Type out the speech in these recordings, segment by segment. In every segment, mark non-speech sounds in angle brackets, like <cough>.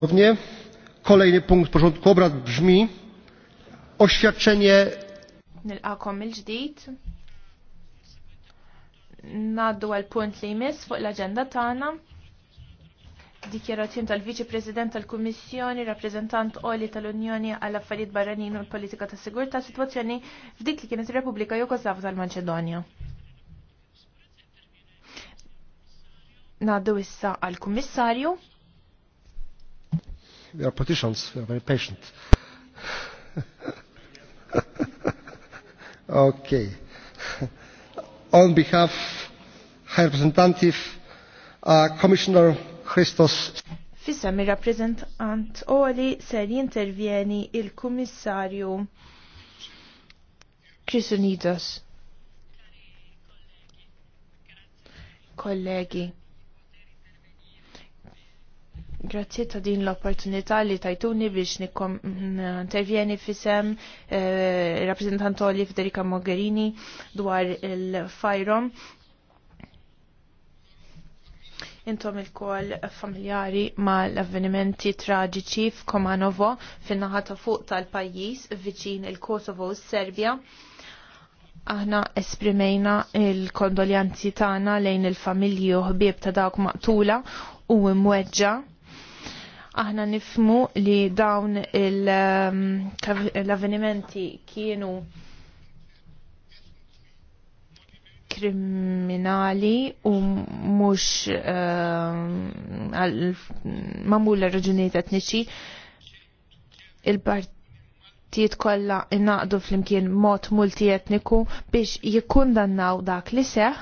Równie kolejny punkt porządku obrad brzmi oświadczenie il-ġdid. Naddu għal-punt li jmiss fuq l-agenda tagħna. Dikjerazzjoni tal-Viċi President tal-Kummissjoni, rappreżentant Oli tal-Unjoni għall affarijiet barranin u l-Politika ta' Sigurtà sitwazzjoni f'dik li kienet ir-Repubblika Jugoslava tal-Maċedonja. Naddu issa għal-Kummissarju. We are politicians, we are very patient. <laughs> okay. On behalf High Representative, uh, Commissioner Christos. Fissa mi rappresentant Oli ser jintervjeni il-Kummissarju Krisunidos. Kollegi. Grazzi ta' din l-opportunità li tajtuni biex intervjeni fisem rappresentant rappresentantoli Federica Mogherini dwar il-fajrom. Intom il-kol familjari ma l-avvenimenti traġiċi f'Komanovo fin-naħa ta' fuq tal-pajjiż viċin il-Kosovo u s-Serbja aħna esprimejna il-kondoljanzi tagħna lejn il-familji u ħbieb ta' dawk maqtula u mweġġa. Aħna nifmu li dawn um, l-avvenimenti kienu kriminali u mux uh, l raġunijiet etniċi il-partijiet kollha innaqdu flimkien mod multietniku biex jikkundannaw dak li seħ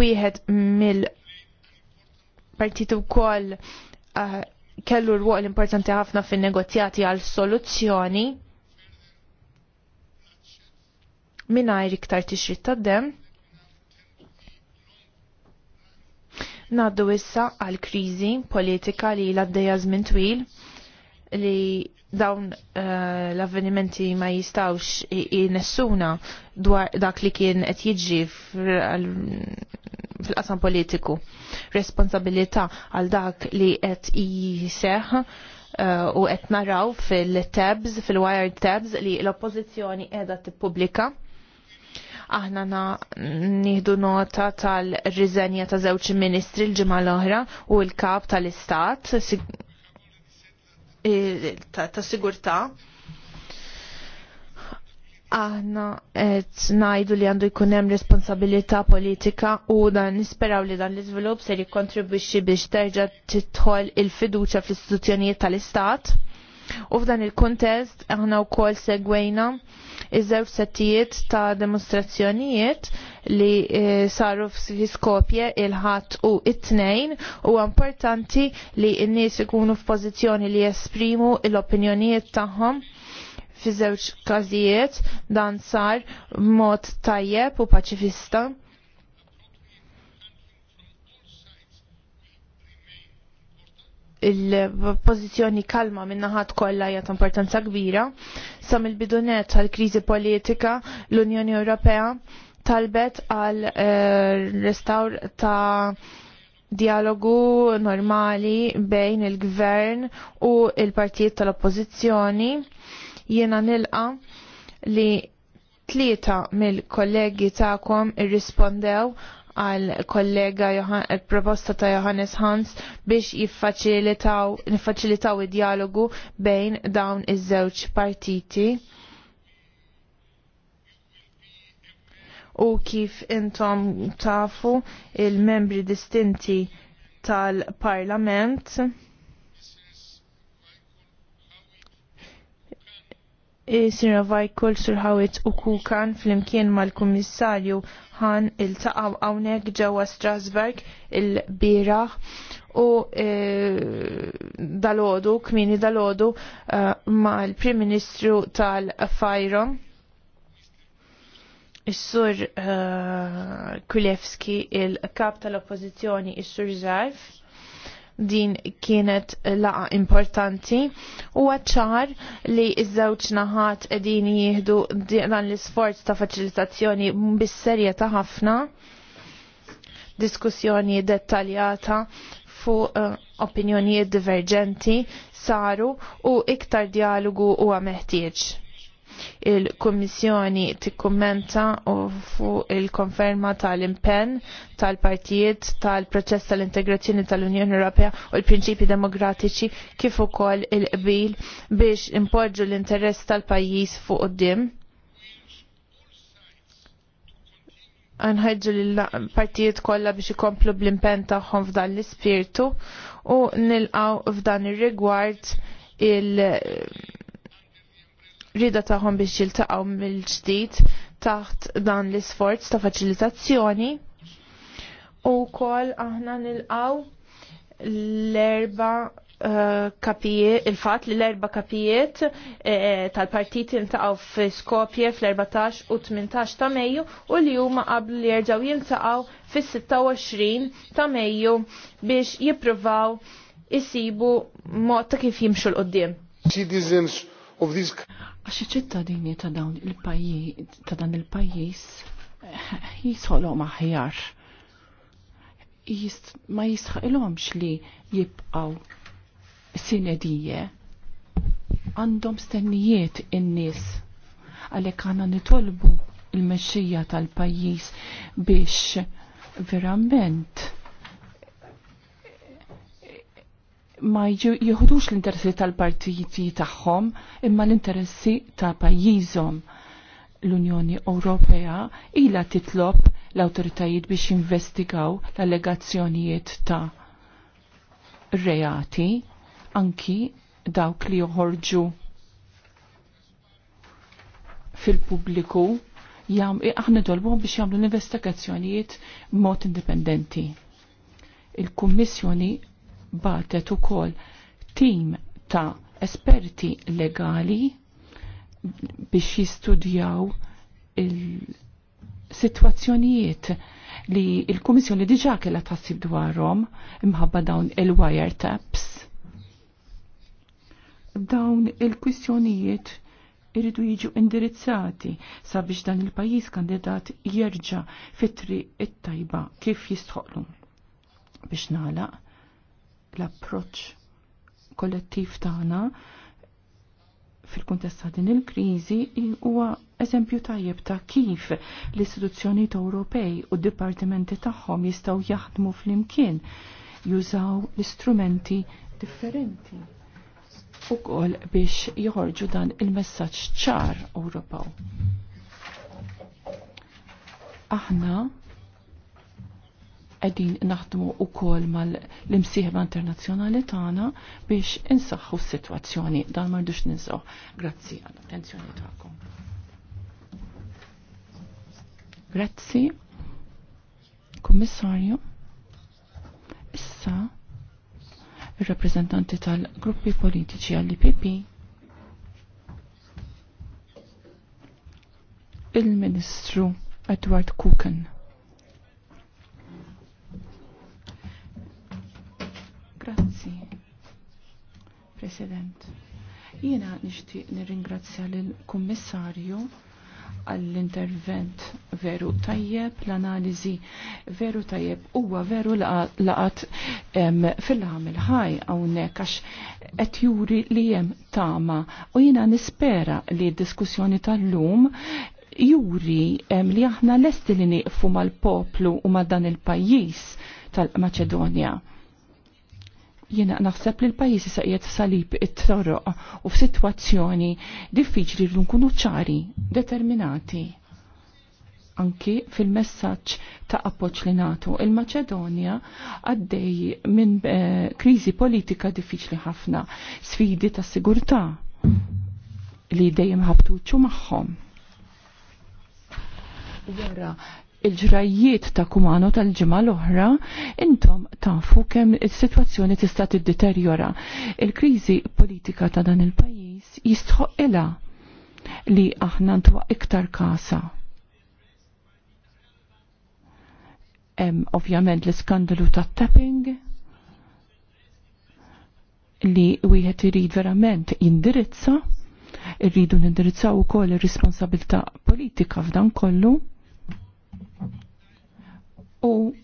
wieħed mill-partit ukoll uh, kellu l importanti ħafna fin-negozjati għal soluzzjoni mingħajr iktar tixrid tad-dem. Naddu issa għal kriżi politika li l-għaddejja żmien twil li dawn uh, l-avvenimenti ma jistawx nessuna dwar dak li kien qed jiġi fil-qasam politiku. Responsabilità għal dak li qed jiseħ uh, u qed naraw fil-tabs, fil-wired tabs li l-oppożizzjoni qiegħda tippubblika. Aħna na nieħdu nota tal-riżenja ta' żewġ ministri l-ġimgħa l-oħra u l-kap tal-istat Eh, ta', sigurtà aħna qed ngħidu li għandu jkun hemm responsabilità politika u dan nisperaw li dan l-iżvilupp se jikkontribwixxi biex terġa' tidħol il-fiduċja fl-istituzzjonijiet tal-Istat. U f'dan il-kuntest aħna wkoll segwejna iż-żewġ settijiet ta' demonstrazzjonijiet li e, saru f'Skopje il-ħadd u it-tnejn u importanti li n-nies ikunu f'pożizzjoni li jesprimu l-opinjonijiet tagħhom fi żewġ każijiet dan sar mod tajjeb u paċifista il-pozizjoni kalma minnaħat kollha hija ta' importanza kbira. Sa mill-bidunet tal-kriżi politika l-Unjoni Ewropea talbet għal eh, restaur ta' dialogu normali bejn il-gvern u il-partijiet tal-oppożizzjoni. Jiena nilqa li tlieta mill-kollegi tagħkom irrispondew għal kollega proposta ta' Johannes Hans biex jiffaċilitaw id-dialogu bejn dawn iż-żewġ partiti. U kif intom tafu il-membri distinti tal-parlament Sinra Vajkol, Sur Hawit u Kukan fl-imkien mal-Kummissarju ħan il-taqaw għawnek ġewa Strasberg il-biraħ u e, dalodu, kmini dalodu e, mal-Prim Ministru tal-Fajrom. Is-sur e, Kulevski, il-kap tal-oppozizjoni, is-sur Zarf din kienet laqa importanti u għacċar li iż-żewġ naħat edin jihdu dan l-isforz ta' faċilitazzjoni bis ta' ħafna diskussjoni dettaljata fu uh, eh, opinjonijiet divergenti saru u iktar dialogu u għameħtieġ il-Kummissjoni tikkummenta u fuq il-konferma tal-impenn tal-partijiet tal-proċess tal-integrazzjoni tal-Unjoni Ewropea u l-prinċipi demokratiċi kif ukoll il-qbil biex impoġġu l-interess tal-pajjiż fuq qudiem. Anħeġġu l-partijiet kolla biex ikomplu bl impen taħħom f'dan l-ispirtu u nilqaw f'dan ir-rigward il-, -rigward il rida taħħom biex jiltaqgħu mill-ġdid taħt dan l-isforz ta' faċilitazzjoni. U kol aħna nilqaw l-erba eh, kapijiet, il-fat li l-erba kapijiet eh, tal-partit jintaqaw f-Skopje fl-14 u 18 ta' Mejju u li huma qablu li jerġaw jintaqaw f-26 ta' Mejju biex jippruvaw isibu mod ta' kif jimxu l-qoddim. Citizens of these Għax ċittadini ta' dawn il-pajjiż ta' dan il-pajjiż eh, jisolhom aħjar. Ma jisħaqilhomx li jibqgħu sinedije għandhom stennijiet in-nies għalhekk għandna nitolbu il-mexxija tal-pajjiż biex verament ma jieħdux l-interessi tal-partiti tagħhom imma l-interessi ta' pajjiżhom. L-Unjoni Ewropea ilha titlob l-awtoritajiet biex investigaw l-allegazzjonijiet ta' reati anki dawk li joħorġu fil-pubbliku jam eh, aħna dolbu biex jagħmlu l-investigazzjonijiet mod indipendenti. Il-Kummissjoni batet ukoll tim ta' esperti legali biex jistudjaw il-situazzjonijiet li il-Kummissjoni diġa kella tassib dwarhom imħabba dawn il-wiretaps. Dawn il-kwistjonijiet irridu jiġu indirizzati sabiex dan il-pajjiż kandidat jerġa' fitri it-tajba kif jistħoqlu. Biex nagħlaq l-approċ kollettiv tagħna fil-kuntest ta' din il-kriżi huwa eżempju tajjeb ta' kif l-istituzzjonijiet Ewropej u d-dipartimenti tagħhom jistgħu jaħdmu flimkien jużaw l-istrumenti differenti u kol biex joħorġu dan il-messaġġ ċar Ewropew. Aħna qegħdin naħdmu wkoll mal-imsieħba internazzjonali tagħna biex insaħħu s-sitwazzjoni dan m'għandux ninsaw. Grazzi għal attenzjoni tagħkom. Grazzi. Kommissarju. Issa ir reprezentanti tal-gruppi politiċi għall-IPP il-Ministru Edward Kuken. Grazzi, President. Jiena nixtieq nirringrazzja lill-Kummissarju għall-intervent veru tajjeb, l-analiżi veru tajjeb huwa veru laqat fil il ħaj hawnhekk għax qed juri li hemm tama u jiena nispera li d-diskussjoni tal-lum juri li aħna lesti li nieqfu mal-poplu u ma' dan il-pajjiż tal-Maċedonja. Jena naħseb li l-pajjiżi saqiet salib it-torroq u f'sitwazzjoni diffiċli li nkunu ċari, determinati. Anki fil-messaġġ ta' appoġġ li natu, il-Maċedonja għaddej minn eh, kriżi politika diffiċli ħafna, sfidi ta' sigurtà li dejjem ħabtuċu magħhom. Vera, il-ġrajiet ta' kumano tal-ġimgħa l-oħra, intom tafu kemm is-sitwazzjoni tista' tiddeterjora. Il-kriżi politika ta' dan il-pajjiż ila li aħna ntwa iktar kasa. Hemm ovvjament l-iskandalu ta' tapping li wieħed irid verament jindirizza, irridu nindirizzaw ukoll ir-responsabilità politika f'dan kollu u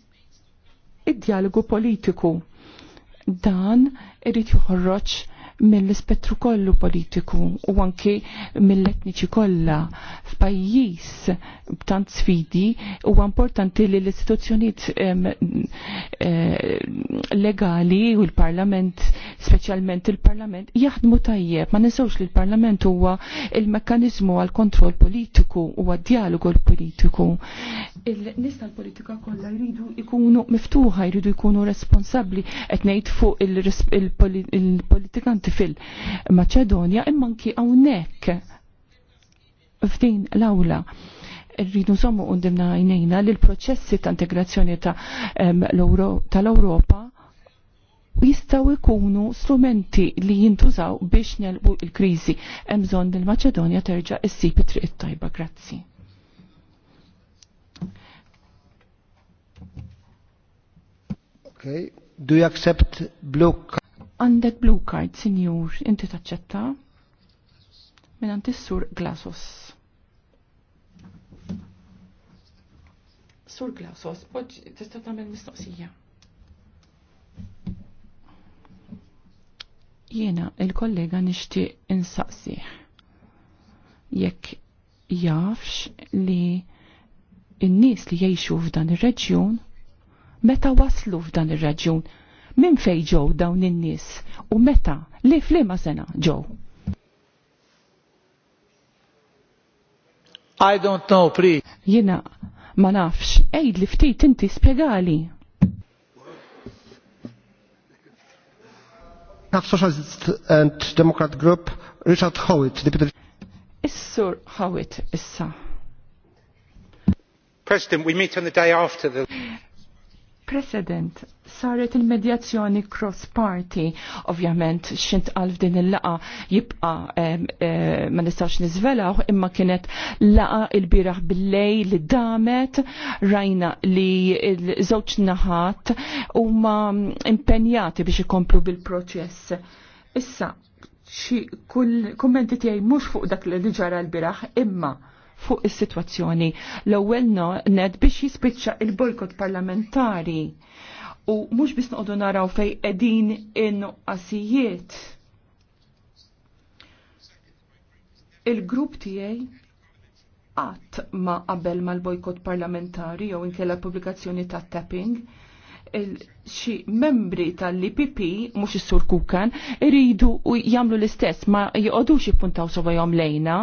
id-dialogu politiku. Dan irrid joħroġ mill-ispettru kollu politiku u anki mill-etniċi kollha f'pajjiż b'tant sfidi huwa importanti li l-istituzzjonijiet legali u l-Parlament, speċjalment il-Parlament, jaħdmu tajjeb. Ma ninsewx li l-Parlament huwa il-mekkaniżmu għal kontroll politiku u għad-dialogu l-politiku. Il-nista l-politika kollha jridu jkunu miftuħa, jridu jkunu responsabbli qed ngħid fuq il-politikanti fil maċedonja imma anki hawnhekk f'din l-awla rridu nsommu għundimna għajnejna li l-proċessi ta' integrazzjoni tal-Europa jistaw ikunu strumenti li jintużaw biex nelbu il-krizi. Emżon il-Maċedonja terġa' issib it-triq tajba. Grazzi. Okay. Do you accept blue Għandek blue card, sinjur, inti taċċetta? Minn għantissur Glasos. Sur Glasos, poġ, tista tagħmel mistoqsija. Jiena il-kollega nixtieq insaqsih. Jekk jafx li n-nies li jgħixu f'dan ir-reġjun meta waslu f'dan ir-reġjun minn fej ġew dawn in-nies u meta li flima sena ġew. I don't know, please. Jina, ma nafx, ejd li ftit inti spiegali. Socialist and Democrat Group, Richard Howitt, Deputy... Issur Howitt, issa. President, we meet on the day after the... President, saret il-medjazzjoni cross-party, ovvjament xint għalf din il-laqa jibqa ma nistax nizvelaw, imma kienet laqa il-biraħ billej li damet, rajna li il-żewġ naħat u ma impenjati biex ikomplu bil-proċess. Issa, xi kull kummenti tiegħi mhux fuq dak li ġara l-biraħ, imma fuq is-sitwazzjoni. L-ewwel ned biex jispiċċa il-bojkot parlamentari u mhux biss noqogħdu naraw fejn qegħdin in-nuqqasijiet. Il-grupp tiegħi qatt ma qabel mal-bojkot parlamentari jew inkella l-pubblikazzjoni ta' tapping, xi membri tal-IPP, mhux is-sur Kukan, iridu u jagħmlu l-istess ma jgħodux jippuntaw sovajhom lejna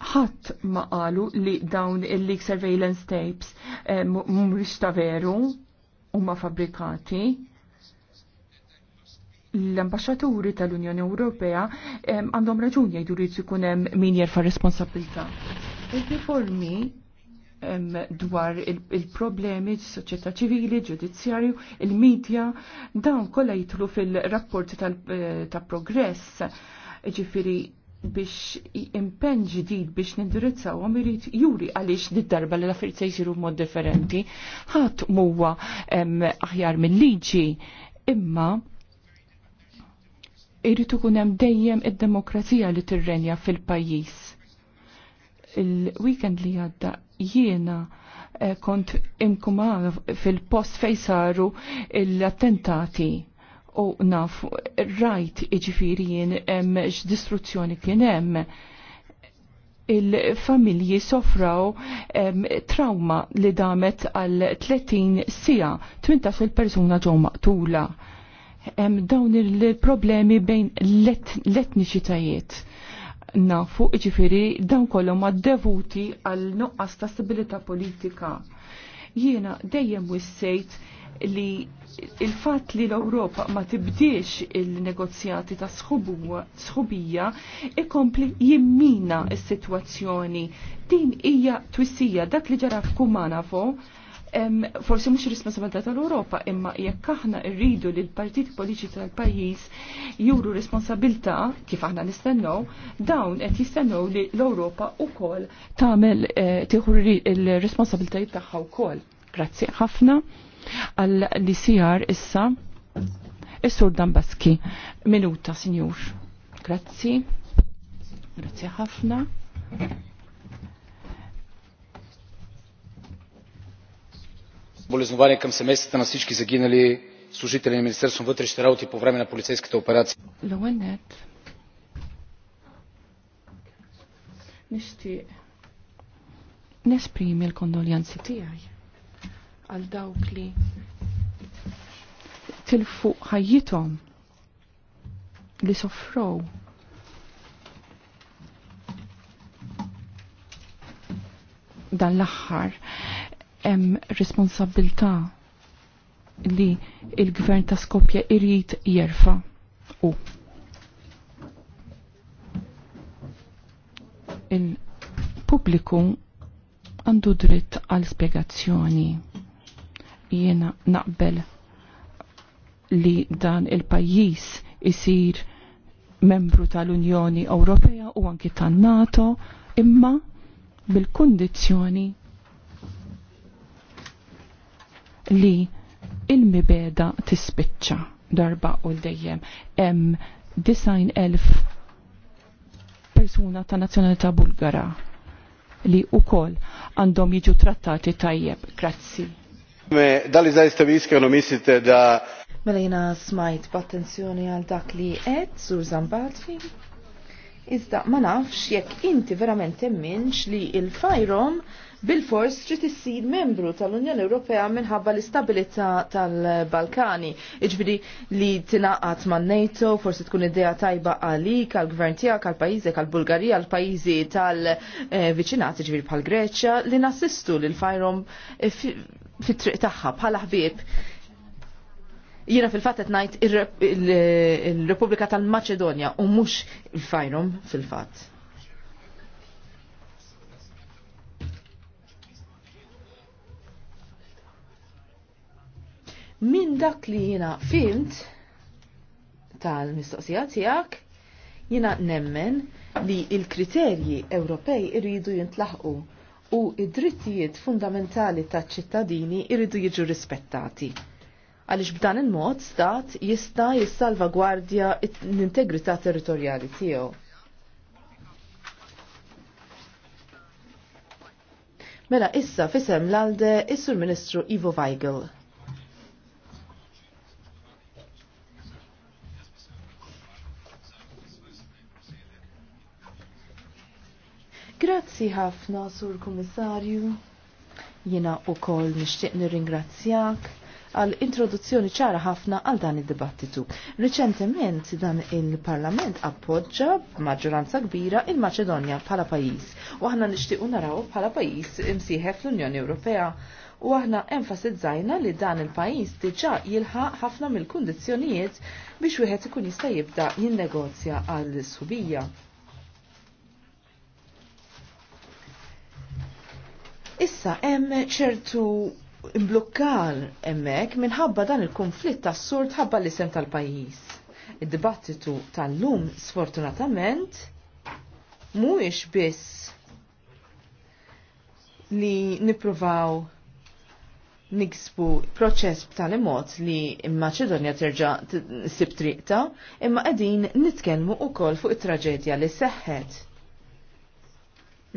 ħadd ma qalu li dawn il-leak surveillance tapes eh, mhumiex ta' veru huma fabbrikati l-ambasċaturi tal-Unjoni Ewropea eh, għandhom raġun jgħidu li jkun hemm min jerfa' responsabilità. il riformi dwar il-problemi il soċjetà ċivili, ġudizzjarju, il-medja, dawn kollha jitlu fil-rapporti tal-progress. Eh, ġifiri biex impenn ġdid biex nindirizzaw għom irrit juri għalix darba li l-affarijiet se jisiru mod differenti. Ħadd muwa aħjar mill-liġi imma irrit ikun hemm dejjem id-demokrazija li tirrenja fil-pajjiż. Il-weekend li għadda jiena eh, kont imkumar fil-post fejn saru l-attentati u naf rajt iġifiri jien distruzzjoni kien hemm il-familji sofraw trauma li damet għal 30 sija, il persuna ġew maqtula. dawn il-problemi bejn l-etniċitajiet. Nafu ġifiri dawn kollhom devuti għal nuqqas ta' stabilità politika. Jiena dejjem wissejt li il-fat li l-Europa ma tibdiex il-negozjati ta' sħubija ikompli jimmina il sitwazzjoni Din hija twissija dak li ġara f'Kumanavo forsi mhux responsabilità tal-Europa, imma jekk aħna rridu li l-partit politiċi tal-pajjiż juru responsabilità kif aħna nistennew, dawn qed jistennew li l-Europa ukoll tagħmel eh, tieħu il-responsabilitajiet tagħha wkoll. Grazzi ħafna. Għal li sijar issa, Is-Sur Dambaski, minuta, Sinjur. Grazzi. Grazzi ħafna. Болезнования към kam se mesta na служители zaginali služitelji na ministerstvom работи rauti po vremena policijskite operacije. Lovenet. Нещи. Несprimi il kondoljanzi tijaj għal dawk li tilfu ħajjithom li soffrow. Dan l-aħħar hemm responsabilità li il-gvern ta' Skopja irrid jerfa' u il-pubbliku għandu dritt għal spiegazzjoni jiena naqbel li dan il-pajjiż isir membru tal-Unjoni Ewropea u anki tan-NATO imma bil-kundizzjoni li il-mibeda tispiċċa darba u dejjem hemm elf persuna ta' nazzjonalità Bulgara li wkoll għandhom jiġu trattati tajjeb. Grazzi. Da zaista Mela jina smajt b'attenzjoni għal dak li għed, sur Zambatfi. Iżda ma nafx jekk inti verament temminx li il-fajrom bil-fors trid issir membru tal-Unjoni Ewropea minħabba l-istabilità tal-Balkani. Iġbiri li tinaqat ma' NATO, forsi tkun idea tajba għalik, għal-gvern tiegħek, għal-pajjiżek, għal-Bulgarija, għal-pajjiżi tal-viċinat, eh, iġbiri bħal-Greċja, li nassistu l fajrom eh, fit-triq tagħha bħala ħbieb jina fil-fat qed ngħid il-Repubblika tal-Maċedonja u mhux il-fajrum fil-fatt. Min dak li jina fimt tal-mistoqsija tiegħek jina nemmen li il-kriterji Ewropej irridu jintlaħqu u id-drittijiet fundamentali taċ ċittadini irridu jiġu rispettati. Għaliex b'dan il-mod stat jista' jissalvagwardja l-integrità territorjali tiegħu. Mela issa fisem l-alde is-Sur Ministru Ivo Weigel. Grazzi ħafna, Sur Kommissarju. Jena u koll nishtiq nirringrazzjak għal introduzzjoni ċara ħafna għal dan id-dibattitu. Reċentement dan il-Parlament appoġġa maġġoranza kbira il-Maċedonja bħala pajis. U aħna nixtiequ naraw bħala pajis imsieħef l-Unjoni Ewropea u aħna enfasizzajna li dan il-pajis diġa jilħaq ħafna mill-kundizzjonijiet biex wieħed ikun jista' jibda jinnegozja għal subija Issa hemm ċertu imblukkar hemmhekk minħabba dan il-konflitt assurd ħabba l-isem tal-pajjiż. Id-dibattitu tal-lum sfortunatament mhuwiex biss li nipruvaw niksbu proċess b'tali mod li Maċedonja terġa sib triqta, imma qegħdin nitkellmu wkoll fuq it-traġedja li seħħet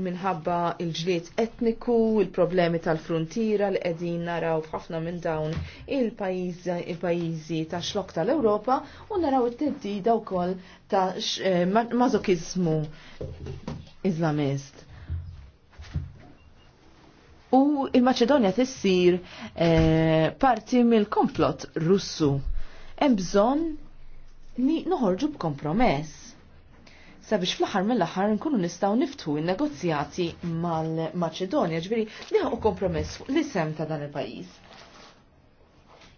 minħabba il-ġliet etniku, il-problemi tal-frontira li qegħdin naraw f'ħafna minn dawn il-pajjiżi ta' xlok tal-Ewropa u naraw it-teddida wkoll ta' eh, mażokizmu iżlamist. U il-Maċedonja tissir eh, parti mill-komplot Russu. Hemm bżonn li noħorġu b'kompromess sabiex fl-aħħar mill-aħħar nkunu nistgħu niftu n-negozjati mal-Maċedonja, ġifieri nieħu kompromess fuq l-isem ta' dan il-pajjiż.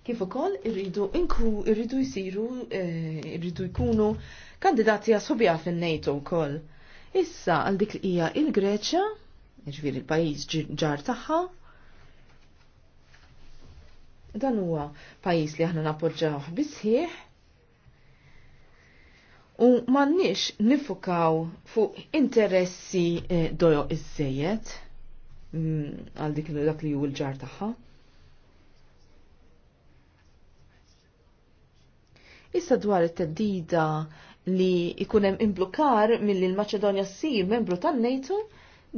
Kif ukoll irridu inku irridu jsiru eh, irridu jkunu kandidati għasubija fin-NATO wkoll. Issa għal dik li hija il-Greċja, ġviri il-pajjiż ġar tagħha, dan huwa pajjiż li aħna nappoġġaw bisħieħ u mannix nifukaw fuq interessi eh, dojo iż-żejjed mm, għal dik dak li hu l-ġar tagħha. Issa dwar it-teddida li ikunem imblukar milli l maċedonja ssir membru tan-NATO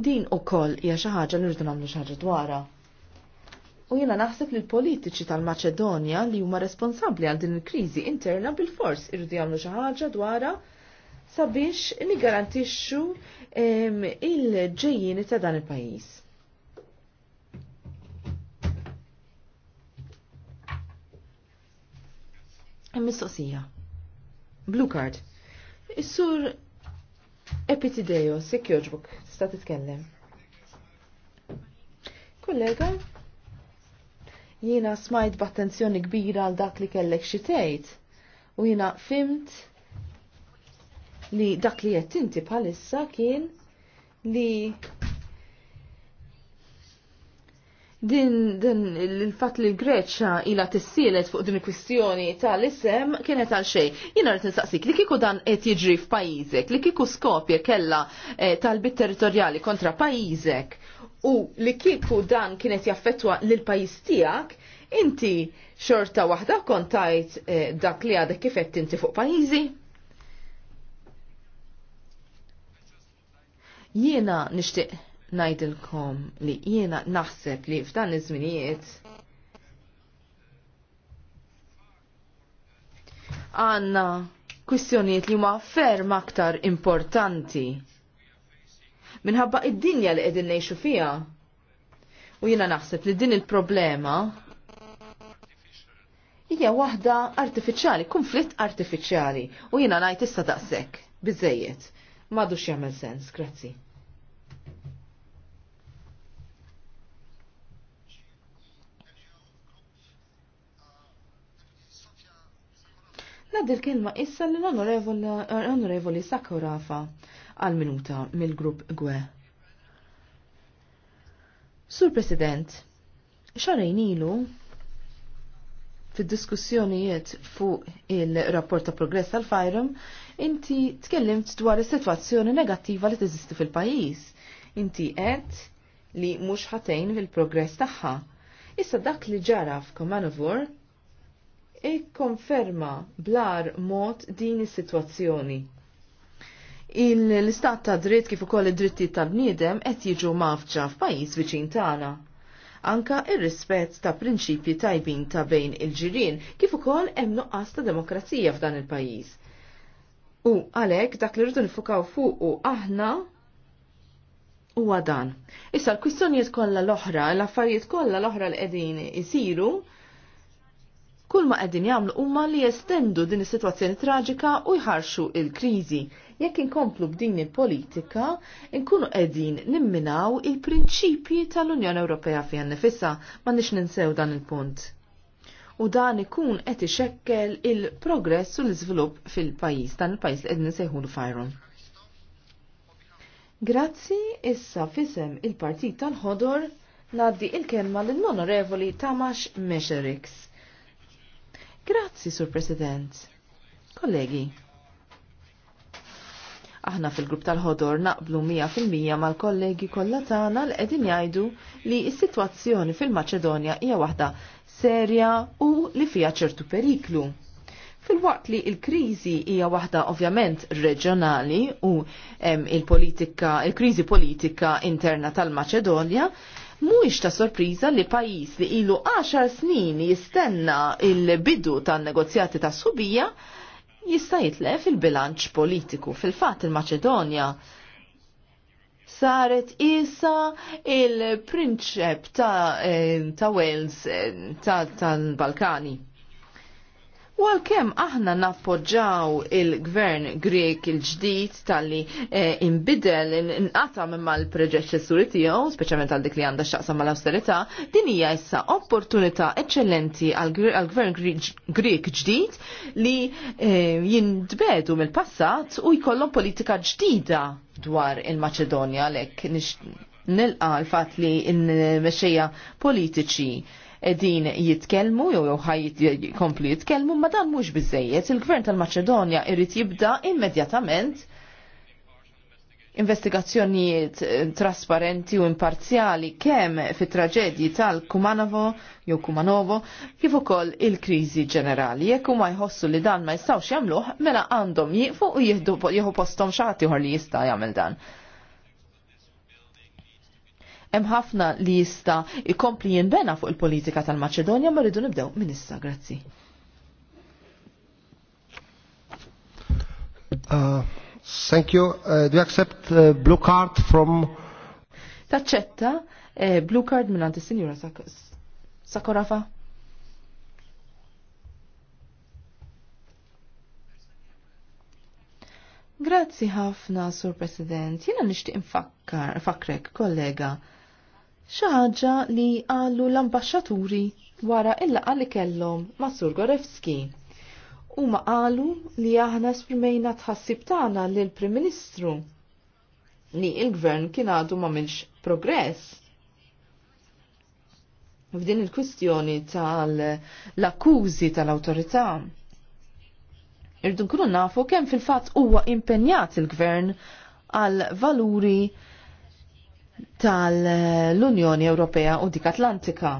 din ukoll hija xi ħaġa li rridu nagħmlu xi ħaġa dwarha. U jena naħseb li l-politiċi tal-Maċedonja li huma responsabli għal din il-kriżi interna bil-fors irridu jagħmlu xi ħaġa dwarha sabiex nigarantixxu ehm, il-ġejjini ta' dan il-pajjiż. Mistoqsija. Blue card. Is-sur Epitideo, jekk joġbok, tista' titkellem. Kollega, Jiena smajt b'attenzjoni kbira għal dak li kellek xi tgħid u jiena fimt li dak li qed inti bħalissa kien li din, din il-fat li l-Greċa ila tissielet fuq din il-kwistjoni tal-isem kienet għal xej. Jina rrit nsaqsik li kiku dan qed jiġri f'pajjiżek, li kiku skopje kella eh, tal-bit territorjali kontra pajjiżek u li kieku dan kienet jaffetwa lil pajis tijak, inti xorta wahda kontajt eh, dak li għadek kifet inti fuq pajizi? Jiena nishtiq najdilkom li jiena naħseb li f'dan iż-żminijiet għanna kwistjonijiet li huma ferm aktar importanti minħabba id-dinja li qegħdin ngħixu fiha. U jiena naħseb li din il-problema hija waħda artifiċjali, konflitt artifiċjali u jiena ngħid issa daqshekk biżejjed. M'għadux jagħmel sens, grazzi. Nad il-kelma issa l-onorevoli Sakurafa għal minuta mill-grupp Gwe. Sur President, xarajn ilu fid-diskussjonijiet fuq il-rapport ta' progress tal-Fajrum, inti tkellimt dwar is-sitwazzjoni negattiva li teżisti fil-pajjiż. Inti qed li mhux ħatejn fil-progress tagħha. Issa dak li ġara War ikkonferma blar mod din is-sitwazzjoni l-istat ta' dritt kif ukoll id-dritti tal-bniedem qed jiġu mafġa f'pajjiż viċin tagħna. Anka ir-rispett ta' prinċipji tajbin ta' bejn il-ġirien kif ukoll hemm nuqqas ta' demokrazija f'dan il-pajjiż. U għalhekk dak li rridu nifukaw fuq u aħna huwa dan. Issa l-kwistjonijiet kollha l-oħra, l-affarijiet kollha l-oħra l-qegħdin isiru Kull ma qegħdin jagħmlu huma li jestendu din is-sitwazzjoni traġika u jħarxu il-kriżi. Jekk inkomplu b'din il-politika, inkunu qegħdin nimminaw il-prinċipji tal-Unjoni Ewropea fiha nifissa, m'għandniex ninsew dan il-punt. U dan ikun qed ixekkel il-progress u l-iżvilupp fil-pajjiż dan il-pajjiż li qegħdin nsejħu l fajrun Grazzi issa fisem il-partit tal-ħodor ngħaddi il-kelma lill onorevoli Tamax Mexerix. Grazzi, Sur President. Kollegi, aħna fil-grupp tal-ħodor naqblu 100% mal-kollegi kollha tagħna l qegħdin jgħidu li s-sitwazzjoni fil-Maċedonja hija waħda serja u li fiha ċertu periklu. Fil-waqt li il-kriżi hija waħda ovvjament reġjonali u il-politika, il-kriżi politika interna tal-Maċedonja, Mhuwiex ta' sorpriża li pajjiż li ilu 10 snin jistenna il-bidu tan-negozjati ta' subija jista' jitlef il-bilanċ politiku. Fil-fatt il-Maċedonja saret isa il-prinċep ta', eh, ta Wales eh, tal-Balkani. Ta U għalkemm aħna nappoġġaw il-gvern Grek il-ġdid tal-li eh, imbidel n inqata minn mal-preġeċessuri tiegħu, speċjalment għal dik li għandha x'aqsa mal austerita din hija issa opportunità eċċellenti għal-gvern Grek ġdid li eh, jindbedu mill-passat u jkollhom politika ġdida dwar il-Maċedonja lek nilqa l-fat li n-mexxejja politiċi edin jitkelmu, jew jew ħaj jitkelmu, ma dan mhux biżejjed. Il-Gvern tal-Maċedonja irrid jibda immedjatament investigazzjonijiet eh, trasparenti u imparzjali kemm fit-traġedji tal-Kumanovo jew Kumanovo kif ukoll il-kriżi ġenerali. Jekk huma jħossu li dan ma jistgħux jagħmluh, mela għandhom jieqfu u jieħdu jieħu posthom xi ħadd li jista' jagħmel dan hemm ħafna li jista' jkompli jinbena fuq il-politika tal-Maċedonja ma rridu nibdew minissa, grazzi. Uh, thank you. Uh, do you accept uh, blue card from Taċċetta eh, blue card minn għanti sinjura sak Sakorafa. Grazzi ħafna, Sur President. Jena nishtiq infakkar, fakrek, kollega xi ħaġa li għallu l-ambaxxaturi wara il-laqa li kellhom ma' Sur Gorevski. Huma qalu li aħna esprimejna tħassib tagħna l Prim Ministru li il-gvern kien għadu ma' minx progress. F'din il-kwistjoni tal-akkużi tal-awtorità. Irdu nkunu nafu kemm fil-fatt huwa impenjat il-gvern għal valuri tal-Unjoni Ewropea u dik Atlantika.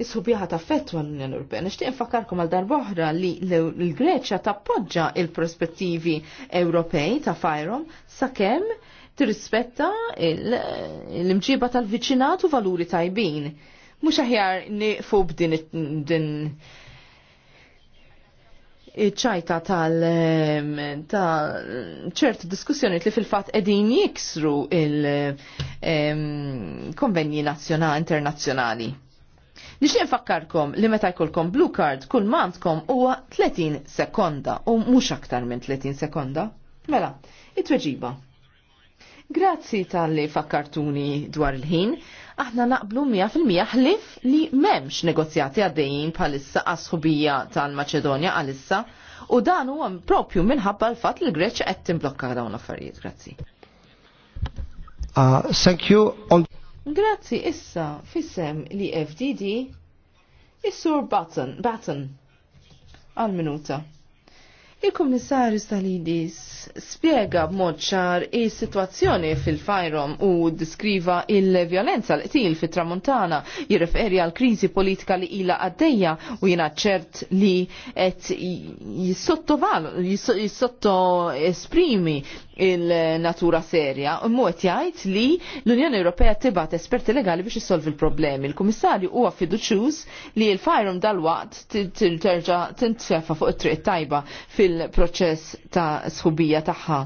Is-subjaħa taffettwa l-Unjoni Ewropea. Nixtieq infakarkom għal darboħra li l-Greċja tappoġġa il-prospettivi Ewropej ta' fajrom sakemm tirrispetta l-imġiba tal-viċinat u valuri tajbin. Mhux aħjar nifu b'din ċajta tal ċert diskussjoni li fil-fat edin jiksru il-konvenji nazjonali internazjonali. Nixtieq nfakkarkom li meta jkollkom blue card kull mantkom huwa 30 sekonda u mhux aktar minn 30 sekonda. Mela, it-tweġiba. Grazzi tal-li fakkartuni dwar il-ħin aħna naqblu 100% ħlif li memx negozjati għaddejjin bħalissa għasħubija tal-Maċedonja għalissa u dan huwa propju minħabba l-fatt li Greċja qed timblokka dawn l-affarijiet. Grazzi. Uh, thank you. On... Grazzi issa fissem li FDD is-sur Batten, Batten għal minuta. Il-Kummissarju Salidis spiega b'mod ċar is-sitwazzjoni fil-fajrom u diskriva il violenza l-qtil fit-Tramuntana, jirreferi għal kriżi politika li ila għaddejja u jiena ċert li qed jissottovalu, jissotto esprimi il-natura serja. Mwet jgħid li l-Unjoni Ewropea tibat esperti legali biex issolvi l-problemi. Il-Kummissarju huwa fiduċjuż li l firum dal-waqt terġa' tintsefa fuq it-triq tajba fil-proċess ta' sħubija tagħha.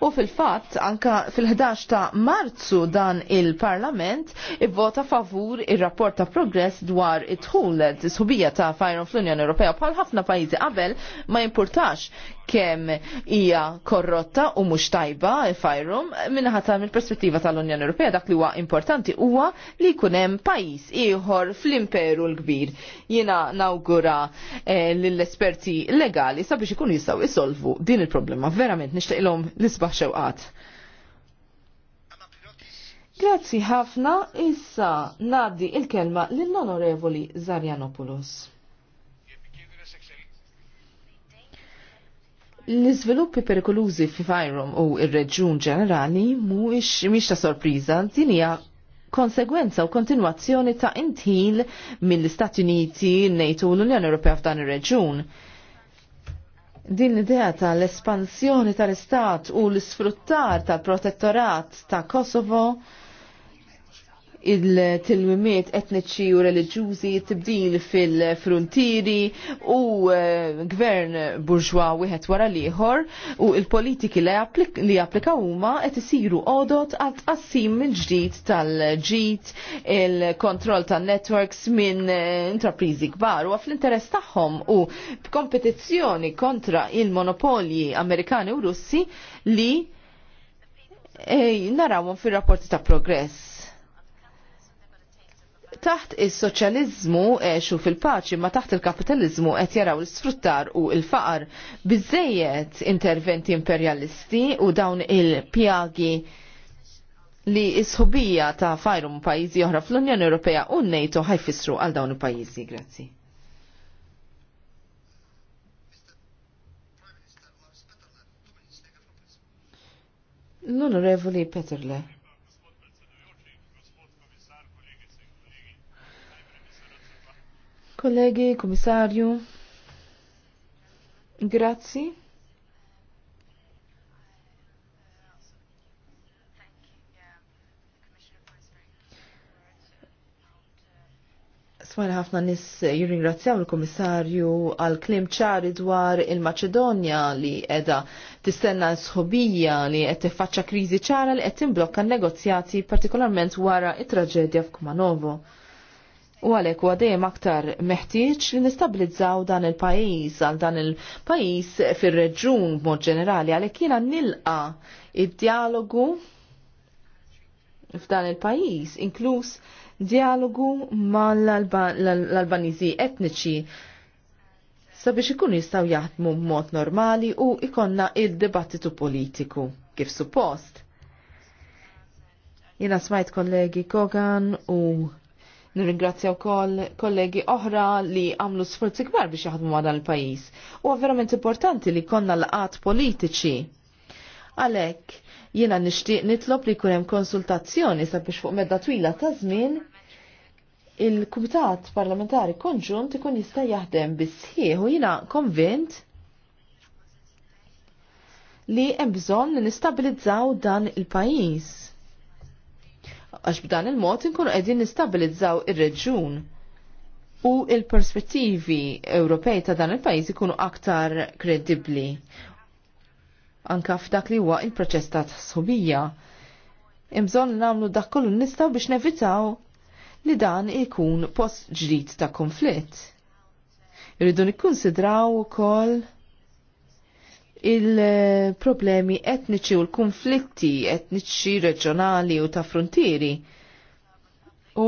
U fil-fatt, anka fil-11 ta' marzu dan il-Parlament ivvota favur il-rapport ta' progress dwar it ħullet subija ta' Fajron fl-Unjoni Ewropea bħal ħafna pajjiżi qabel ma' importax kemm hija korrotta u mhux tajba fajrum minħata mill-perspettiva tal-Unjoni Ewropea dak li huwa importanti huwa li jkun hemm pajjiż ieħor fl-imperu l-kbir. Jiena nawgura eh, lill-esperti legali sabiex ikunu jistgħu jisolvu din il-problema. Verament nixtieqilhom l-isbaħ xewqat. Grazzi ħafna, issa nadi il-kelma lill-Onorevoli Zarjanopoulos. L-iżviluppi perikolużi fi Fajrum u il-reġun ġenerali mhuwiex ta' sorpriża dinija hija konsegwenza u kontinuazzjoni ta' intħil mill-Istati Uniti, NATO u l-Unjoni Ewropea f'dan ir-reġun. Din l-idea ta l espansjoni tal-Istat u l-sfruttar tal-protettorat ta' Kosovo il-tilmimiet etniċi u reliġjużi, tibdil fil-frontieri u eh, gvern burġwa wieħed wara liħor u il-politiki li applika huma qed isiru għodot għal tqassim mill-ġdid tal-ġid il-kontroll tan-networks minn eh, intraprizi kbar u fl-interess tagħhom u b'kompetizzjoni kontra il-monopolji Amerikani u Russi li eh, narawhom fir-rapporti ta' progress taħt is-soċjaliżmu eh, xu fil-paċi ma taħt il-kapitalizmu qed jaraw l-sfruttar u l-faqar biżejjed interventi imperjalisti u dawn il-pjagi li isħubija ta' fajrum pajjiżi oħra fl-Unjoni Ewropea u NATO ħajfissru għal dawn il-pajjiżi. Grazzi. L-Onorevoli Peterle. Kollegi, komissarju, grazzi. Smajna ħafna nis jirringrazzjaw il-Komissarju għal klim ċari dwar il-Maċedonja li edha tistenna sħobija li qed tiffaċċa kriżi ċara li qed timblokka negozjati partikolarment wara it-traġedja f'Kumanovo. U għalek huwa aktar meħtieġ li nistabilizzaw dan il-pajjiż għal dan il-pajjiż fir-reġjun b'mod ġenerali għalhekk jiena nilqa id-dialogu f'dan il-pajjiż, inkluż dialogu mal-Albaniżi etniċi sabiex ikun jistgħu jaħdmu b'mod normali u ikonna il-dibattitu politiku kif suppost. Jiena smajt kollegi Kogan u Nirringrazzja wkoll kollegi oħra li għamlu sforzi kbar biex jaħdmu ma' dan il-pajjiż. Huwa verament importanti li konna laqat politiċi. Għalhekk jiena nixtieq nitlob li jkun hemm konsultazzjoni sabiex fuq medda twila ta' żmien il-Kumitat Parlamentari Konġunt ikun jista' jaħdem bis-sħieħ u jiena konvint li hemm bżonn nistabilizzaw dan il-pajjiż għax b'dan il-mod inkunu qegħdin nistabilizzaw ir-reġjun u il-perspettivi Ewropej ta' dan il-pajjiż ikunu aktar kredibbli anka f'dak li huwa il-proċess ta' sħubija. Imżon nagħmlu dak kollu nistgħu biex nevitaw li dan ikun post ġrid ta' konflitt. Irridu nikkunsidraw ukoll il-problemi etniċi u l-konflitti etniċi reġjonali u ta' frontieri. U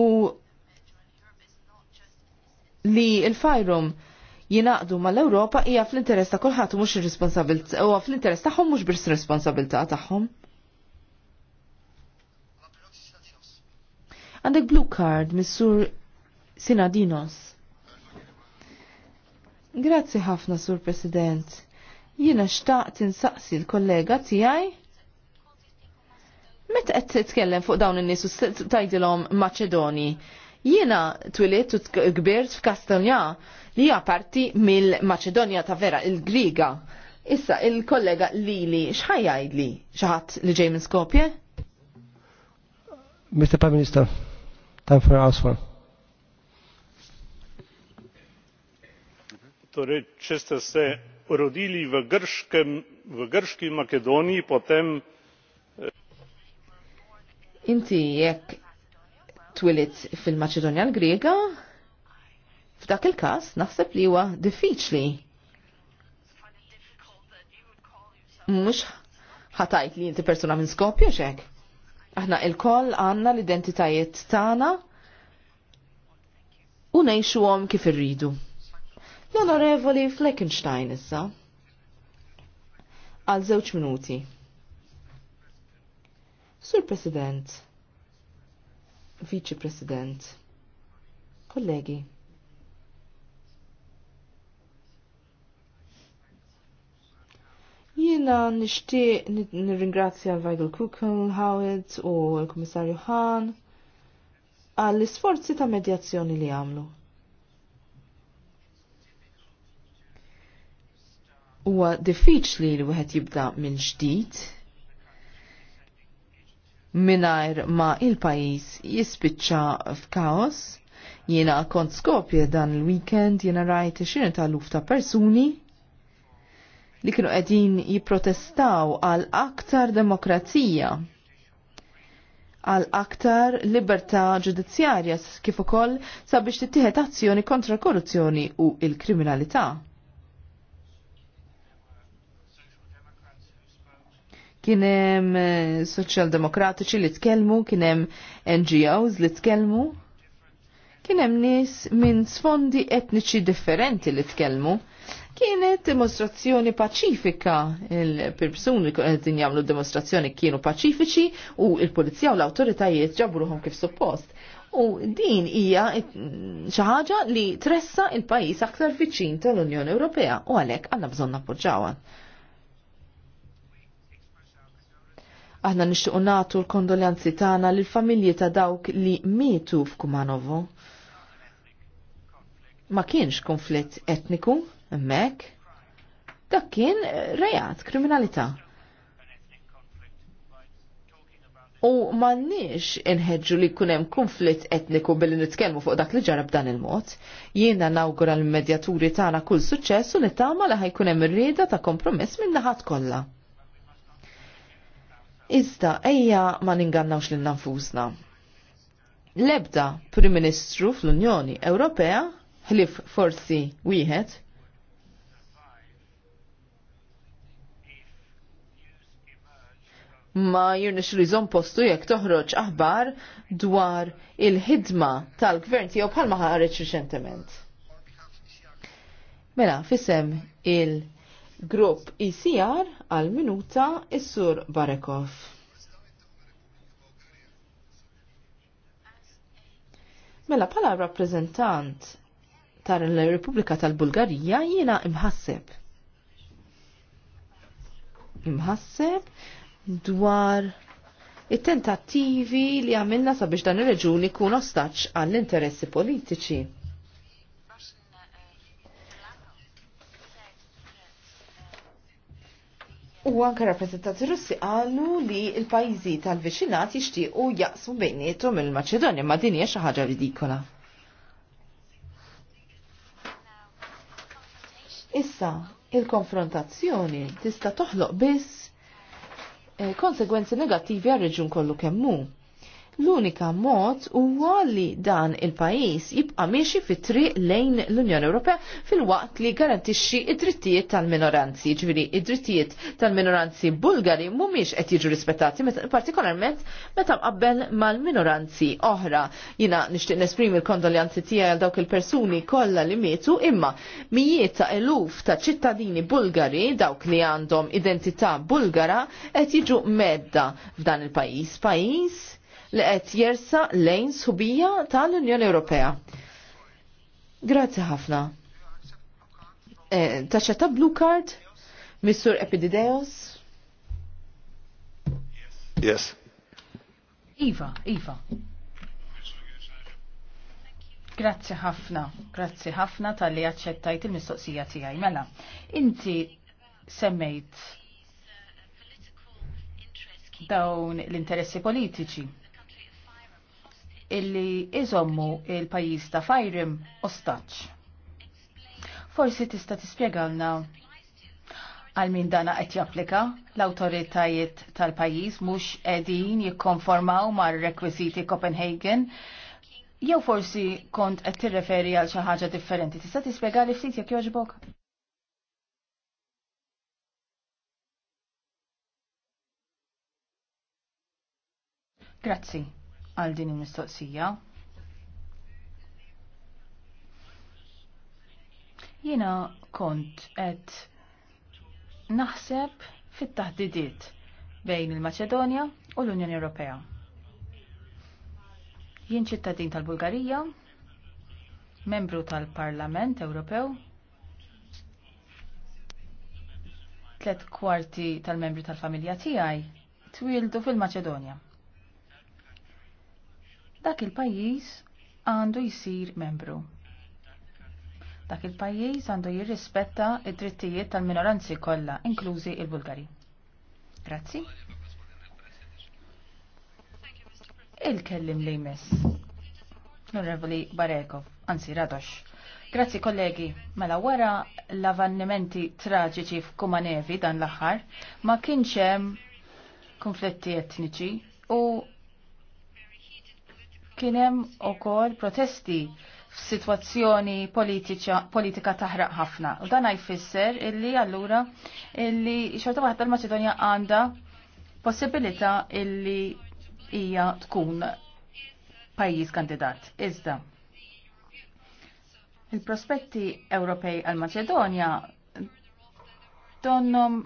li il-fajrum jinaqdu mal-Europa hija fl-interess ta' kulħadd mhux ir-responsabilità u fl-interess tagħhom mhux biss responsabilità tagħhom. Għandek blue card, Missur Sinadinos. Grazzi ħafna, Sur President. Jiena xtaqt tinsaqsi l-kollega tiegħi meta qed titkellem fuq dawn in-nies u tgħidilhom Maċedoni. Jiena twilit u kbirt f'Kastonja li hija parti mill macedonja ta' vera il-Griga. Issa il-kollega Lili xħajajd li xaħat li ġej minn Skopje? Mr. Prime Minister, time for an Torej, če se rodili v, grškem, v grški makedoniji potem eh, Inti jekk twilit fil-Maċedonja l-Grega, f'dak il-każ naħseb li huwa diffiċli. Mhux ħatajt li inti persuna minn Skopje xek. Aħna il-koll għandna l-identitajiet tagħna u ngħixuhom kif irridu. L-Onorevoli Fleckenstein issa. Għal żewġ minuti. Sur President, Vice President, kollegi. Jiena nishtiq nirringrazzja l-Vigel Kukenhawet u l-Komissarju Hahn għall-isforzi ta' medjazzjoni li għamlu. huwa diffiċli li wieħed jibda minn ġdid mingħajr ma il-pajjiż jispiċċa f'kaos. Jiena kont skopje dan il-weekend jiena rajt xinu ta' luf ta' persuni li kienu qegħdin jipprotestaw għal aktar demokrazija għal aktar libertà ġudizzjarja kif ukoll sabiex tittieħed azzjoni kontra korruzzjoni u il-kriminalità. kienem eh, soċjaldemokratiċi li tkellmu, kienem NGOs li tkellmu, kienem nis minn sfondi etniċi differenti li tkellmu. Kienet dimostrazzjoni paċifika, il-persuni din jamlu dimostrazzjoni kienu paċifiċi u il-polizija u l-autoritajiet ġaburuħom kif suppost. U din hija xi ħaġa li tressa il-pajjiż aktar viċin tal-Unjoni Ewropea u għalhekk għandna bżonn nappoġġawha. Aħna nixtiequ nagħtu l-kondoljanzi tagħna lil familji ta' dawk li mietu f'Kumanovo. Ma kienx konflitt etniku hemmhekk. Dak kien eh, rejat, kriminalità. U mannix inħedġu li kunem konflitt etniku billi nitkellmu fuq dak li ġara b'dan il-mod. Jiena nawgura l-medjaturi tagħna kull suċċess u nittama li ħajkun hemm ir-rieda ta' kompromess minn naħat kollha. Iżda, ejja ma ningannawx lil nafusna. Lebda Prim Ministru fl-Unjoni Ewropea, ħlif forsi wieħed, ma jirnix li jżom postu jekk toħroġ aħbar dwar il-ħidma tal-gvern tiegħu bħalma ħareġ riċentement. Mela, fisem il- grupp ICR e għal minuta is-sur Barekov. Mela pala rappresentant tar l-Repubblika tal-Bulgarija jiena imħasseb. Imħasseb dwar it-tentattivi li għamilna sabiex dan ir-reġuni kun ostaċ għall-interessi politiċi. U anka rappresentanti russi għallu li il-pajzi tal jishti jixtiequ jaqsmu bejnietom il-Maċedonja ma din hija xi ħaġa ridikola. Issa, il-konfrontazzjoni tista' toħloq biss eh, konsegwenzi negattivi għal reġun kollu kemmu. L-unika mod huwa li dan il-pajis jibqa' miexi fitri triq lejn l-Unjoni Ewropea fil-waqt li garantixxi id-drittijiet tal-minoranzi, ġifieri id-drittijiet tal-minoranzi Bulgari mhumiex qed jiġu rispettati partikolarment meta mqabbel mal-minoranzi oħra. Jiena nixtieq nesprimi l-kondoljanzi tiegħi għal dawk il-persuni kollha li mietu imma mijiet ta' eluf ta' ċittadini Bulgari dawk li għandhom identità Bulgara qed jiġu medda f'dan il-pajjiż. Pajjiż li qed jersa lejn subija tal-Unjoni Ewropea. Grazzi ħafna. Taċċa e, Taċċetta blue card? Mr. Epidideos? Yes. Iva, Iva. Grazzi ħafna, grazzi ħafna tal-li għacċettajt il-mistoqsija tiegħi. Mela, inti semmejt dawn l-interessi politiċi illi iżommu il-pajis ta' fajrim ostaċ. Forsi tista' tispjegalna għal min dana qed japplika l-awtoritajiet tal-pajjiż mhux qegħdin jikkonformaw mar-rekwiżiti Copenhagen jew forsi kont qed tirreferi għal xi ħaġa differenti. Tista' tispjegali ftit jekk jogħġbok? Grazzi għal din il-mistoqsija. Jena kont qed naħseb fit-taħdidiet bejn il-Maċedonja u l-Unjoni Ewropea. Jien ċittadin tal-Bulgarija, membru tal-Parlament Ewropew, tlet kwarti tal-membri tal-familja tiegħi twildu fil-Maċedonja dak il-pajjiż għandu jisir membru. Dak il-pajjiż għandu jirrispetta id-drittijiet tal-minoranzi kollha, inklużi il-Bulgari. Grazzi. Il-kellim li jmiss. l Barekov, anzi radox. Grazzi kollegi, mela wara l-avannimenti traġiċi f'Kumanevi dan l-aħħar, ma kienx hemm konfletti etniċi u Kienem u kol protesti f'sitwazzjoni politika taħraq ħafna. U dan jfisser illi allura illi xorta waħda tal macedonia għanda possibilità illi hija tkun pajjiż kandidat. Iżda. Il-prospetti Ewropej għal Maċedonja donnom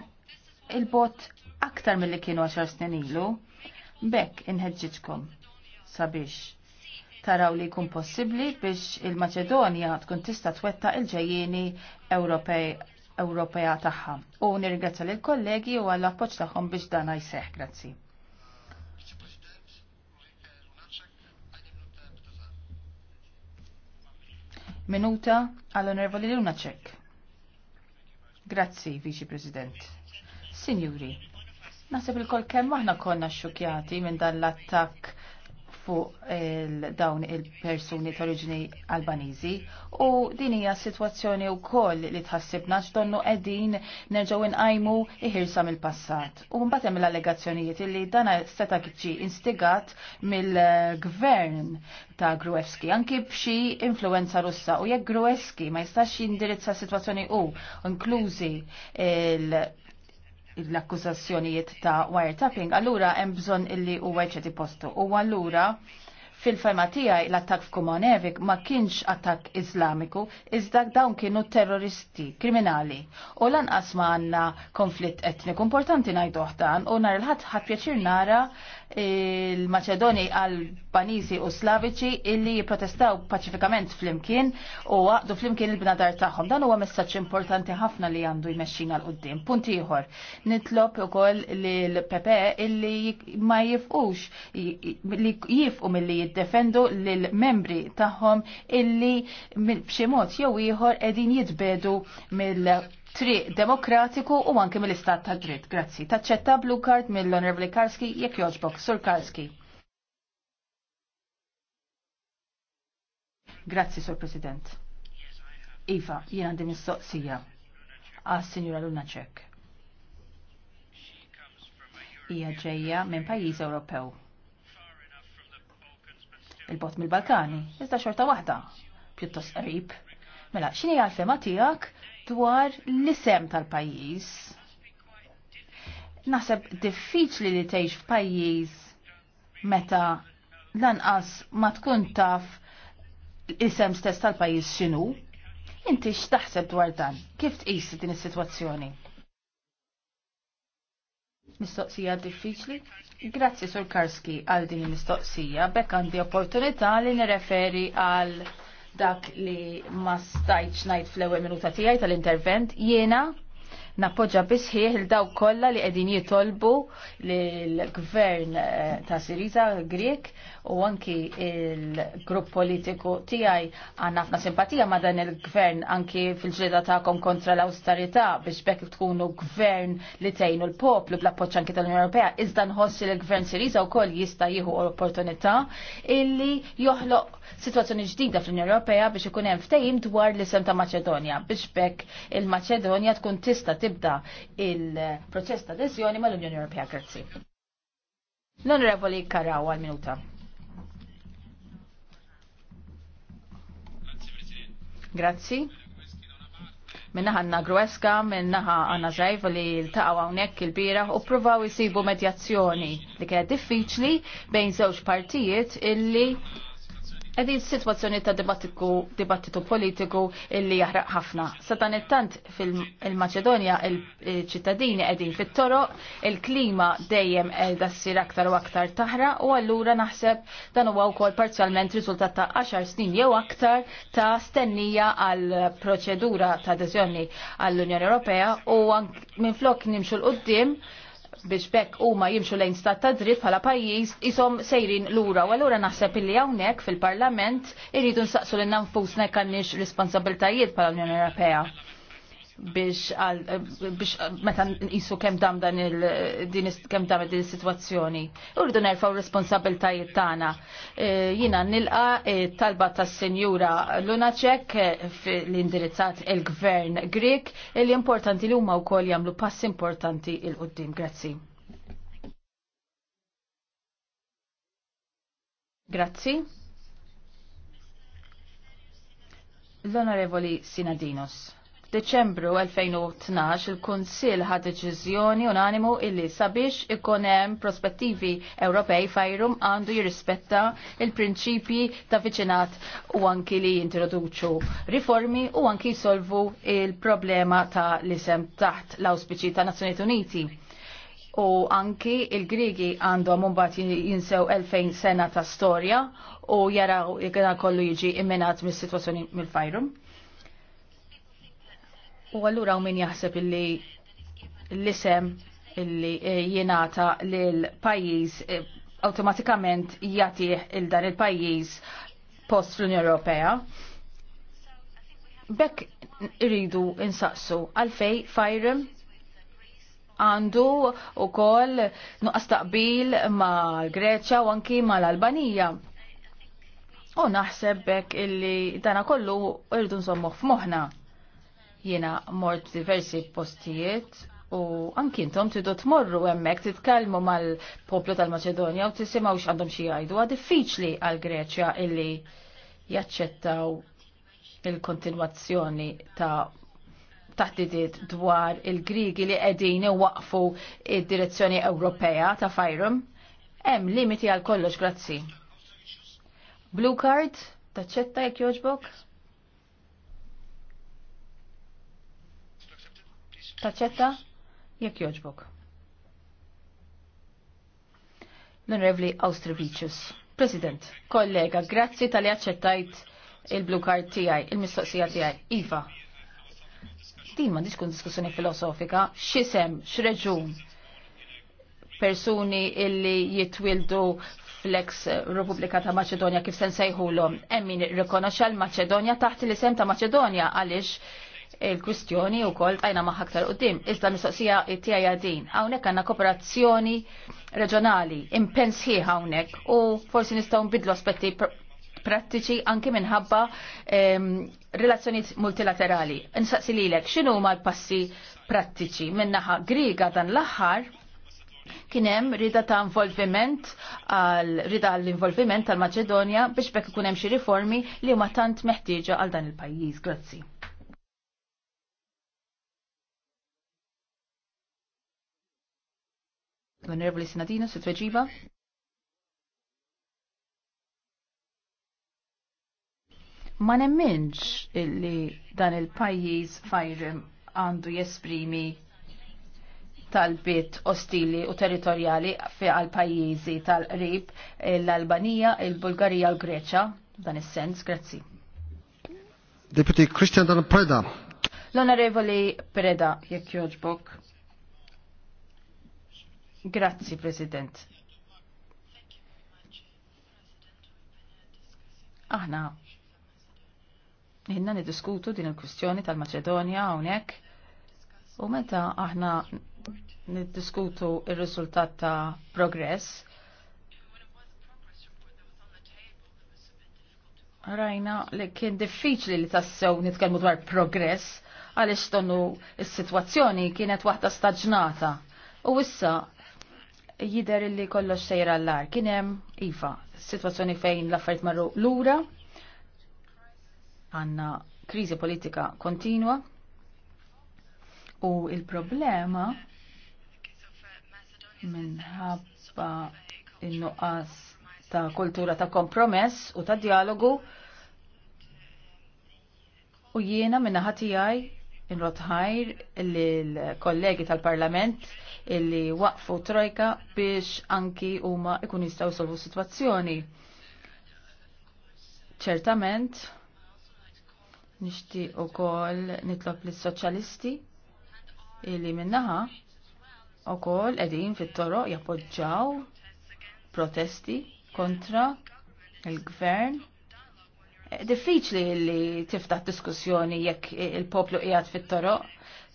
il-bot aktar mill-li kienu għaxar snin ilu. Bekk inħedġiġkom sabiex taraw li jkun possibbli biex il-Maċedonja tkun tista' twetta il-ġejjieni Ewropea tagħha. U nirgrazzja lil kollegi u għall appoġġ tagħhom biex dan jseħħ. Grazzi. Minuta għall-Onorevoli Luna Ċek. Grazzi, Viċi President. Sinjuri, naħseb il-kol kemm aħna konna xukjati minn dan l-attakk fuq dawn il-persuni ta' oriġini albanizi u din hija situazzjoni wkoll li tħassibna x'donnu qegħdin nerġgħu inqajmu iħirsa mill-passat. U mbagħad hemm l-allegazzjonijiet li dan seta' kiċċi instigat mill-gvern ta' Gruevski anki b'xi influenza russa u jekk Gruevski ma jistax jindirizza situazzjoni u inklużi il l-akkużazzjonijiet ta' wiretapping, allura hemm bżonn illi huwa jċedi postu. U allura fil ferma tiegħi l-attakk f'Kumonevik ma kienx attakk Islamiku, iżda dawn kienu terroristi, kriminali. U lanqas ma għandna konflitt etniku importanti ngħidu dan u nhar il-ħadd ħadd pjaċir nara il-Maċedoni għal-Panizi u Slaviċi illi jiprotestaw paċifikament fl-imkien u għaqdu fl-imkien il-bnadar tagħhom. Dan huwa messaġġ importanti ħafna li għandu jmexxina l-qudiem. Punt ieħor, nitlob ukoll li l illi ma jifqux li jifqu milli jiddefendu lill-membri tagħhom illi b'xi mod jew ieħor qegħdin jitbedu mill triq demokratiku u anke mill-istat tal dritt. Grazzi. Taċċetta blue card mill-Onorevoli Karski jekk joġbok. Sur Karski. Grazzi, Sur President. Iva, jien għandi mistoqsija għas Sinjura Luna Ċek. Hija ġejja minn pajjiż Ewropew. Il-bot mill-Balkani, iżda xorta waħda, pjuttost qrib. Mela, x'inhi għalfema tiegħek dwar l-isem tal-pajjiż. Naħseb diffiċli li tgħix f'pajjiż meta lanqas ma tkun taf l-isem stess tal-pajjiż x'inhu. Inti x'taħseb dwar dan? Kif tqis din is-sitwazzjoni? Mistoqsija diffiċli? Grazzi Sur Karski għal din il-mistoqsija, bekk għandi opportunità li nireferi għal dak li ma stajċ najt fl-ewwel minuta tiegħi tal-intervent jiena nappoġġa bisħieħ il daw kollha li qegħdin jitolbu lill-gvern eh, ta' Siriza Grek u anki il-grupp politiku tiegħi għandna ħafna simpatija ma' dan il-gvern anki fil-ġlieda tagħkom kontra l-awstarità biex bekk tkunu gvern li tgħinu l-poplu bl-appoġġ anki tal-Unjoni Ewropea iżda nħossi l-gvern Siriza wkoll jista' jieħu opportunità illi joħloq situazzjoni ġdida fl-Unjoni Ewropea biex ikun hemm ftehim dwar l-isem ta' Maċedonja biex bekk il-Maċedonja tkun tista' tibda il-proċess ta' adeżjoni mal-Unjoni Ewropea. Grazzi. L-Onorevoli Karaw għal-minuta. Grazzi. Minna ħanna Grueska, minna ħanna Zajf li l-taqaw għawnek il-bira u provaw jisibu medjazzjoni li kienet diffiċli bejn żewġ partijiet illi Edi situazzjoni ta' dibattiku, dibattitu politiku illi jahraq ħafna. Satan tant fil-Macedonia il-ċittadini edin fit-toro, il-klima dejjem edha s-sir aktar u aktar taħra u allura naħseb dan huwa wkoll parzjalment riżultat ta' 10 snin jew aktar ta' stennija għal proċedura ta' adeżjoni għall-Unjoni Ewropea u minn flok nimxu l-qoddim biex bekk huma jimxu lejn stat ta' dritt bħala pajjiż isom sejrin lura u allura naħseb illi hawnhekk fil-Parlament irridu nsaqsu lil nfusna kanniex responsabiltajiet bħala Unjoni Ewropea biex għal biex meta nqisu kemm dam dan il din kemm dam din is-sitwazzjoni. Urdu nerfgħu responsabiltajiet tagħna. E, Jiena nilqa e, talba tas-Sinjura Lunacek e, l-indirizzat il-Gvern Grek li importanti li huma wkoll jagħmlu pass importanti il qudiem Grazzi. Grazzi. L-Onorevoli Sinadinos. Deċembru 2012 il-Kunsill ħad deċiżjoni unanimu illi sabiex ikun hemm prospettivi Ewropej fajrum għandu jirrispetta il-prinċipji ta' viċinat u anki li jintroduċu riformi u anki jsolvu il-problema ta' l-isem taħt l-auspiċi ta' Nazzjonijiet Uniti. U anki il-Grigi għandu mbagħad jinsew 2000 sena ta' storja u jaraw jgħana kollu jiġi imminat mis-sitwazzjoni mill-fajrum. U għallura u min jaħseb illi l-isem illi eh, jenata l-pajis eh, automatikament jatiħ il dan il-pajis post fl-Unjoni Ewropea. Bekk irridu insaqsu għalfej fajrim għandu u kol nuqqas taqbil ma' Greċa u anki ma' l-Albanija. U naħseb bekk illi dana kollu irridu nżommu f'moħna. Jena mort diversi postijiet u anki intom tidu tmorru hemmhekk titkellmu mal-poplu tal macedonia u tisimgħu x'għandhom xi jgħidu. Għad diffiċli għal Greċja illi jaċċettaw il-kontinwazzjoni ta' taħdidiet dwar il-Grigi li qegħdin waqfu id-direzzjoni Ewropea ta' fajrum. Hemm limiti għal kollox, grazzi. Blue card, taċċetta jekk jogħġbok? Taċċetta? Jekk joġbok. L-Onorevli Austrevicius. President, kollega, grazzi tal-li accettajt il-blue card tijaj, il-mistoqsija tijaj. Iva, din ma diskun diskussjoni filosofika, xisem, xreġun, persuni illi jitwildu fl-ex Repubblika ta' Maċedonja kif sen sejħulhom hemm min l macedonia taħt l-isem ta' Maċedonja għaliex il-kwistjoni u kol tajna maħaktar u dim. Iżda mistoqsija it-tija din. Għawnek għanna kooperazzjoni reġjonali, impens għawnek u forsi nistaw nbidlu aspetti prattiċi anki minħabba ehm, relazzjoni multilaterali. Nsaqsi l-ek, xinu ma l-passi prattiċi minnaħa griga dan l-axħar kienem rida ta' involviment għal rida l involviment tal-Maċedonja biex bekk ikun hemm xi riformi li huma tant meħtieġa għal dan il-pajjiż. Grazzi. Onorevoli Sinadino, se tweġiba. Ma nemminx illi dan il-pajjiż fajrim għandu jesprimi tal-bit ostili u territorjali fi għal pajjiżi tal-qrib l-Albanija, il-Bulgarija u l-Greċa. Dan is-sens, grazzi. Deputy Christian Dan Preda. L-Onorevoli Preda, jekk joġbok. Grazzi, President. Aħna, jenna nidiskutu din il-kwistjoni tal-Macedonia hawnhekk u meta aħna niddiskutu il-riżultat ta' progress, rajna li kien diffiċli li tassew nitkellmu dwar progress għaliex tonnu s-sitwazzjoni kienet waħda staġnata. U issa jider li kollox sejra l-lar. Kienem, Iva, situazzjoni fejn l marru l-ura, għanna krizi politika kontinua, u il-problema minħabba il-nuqqas ta' kultura ta' kompromess u ta' dialogu u jiena minna ħatijaj in-rotħajr l-kollegi tal-parlament illi waqfu trojka biex anki huma ikun jistgħu jsolvu sitwazzjoni. Ċertament, nixtieq ukoll nitlob lis-soċjalisti illi minnaħa ukoll qegħdin fit-toroq jappoġġjaw protesti kontra il-gvern diffiċli li tiftaħ diskussjoni jekk il-poplu qiegħed fit-toroq.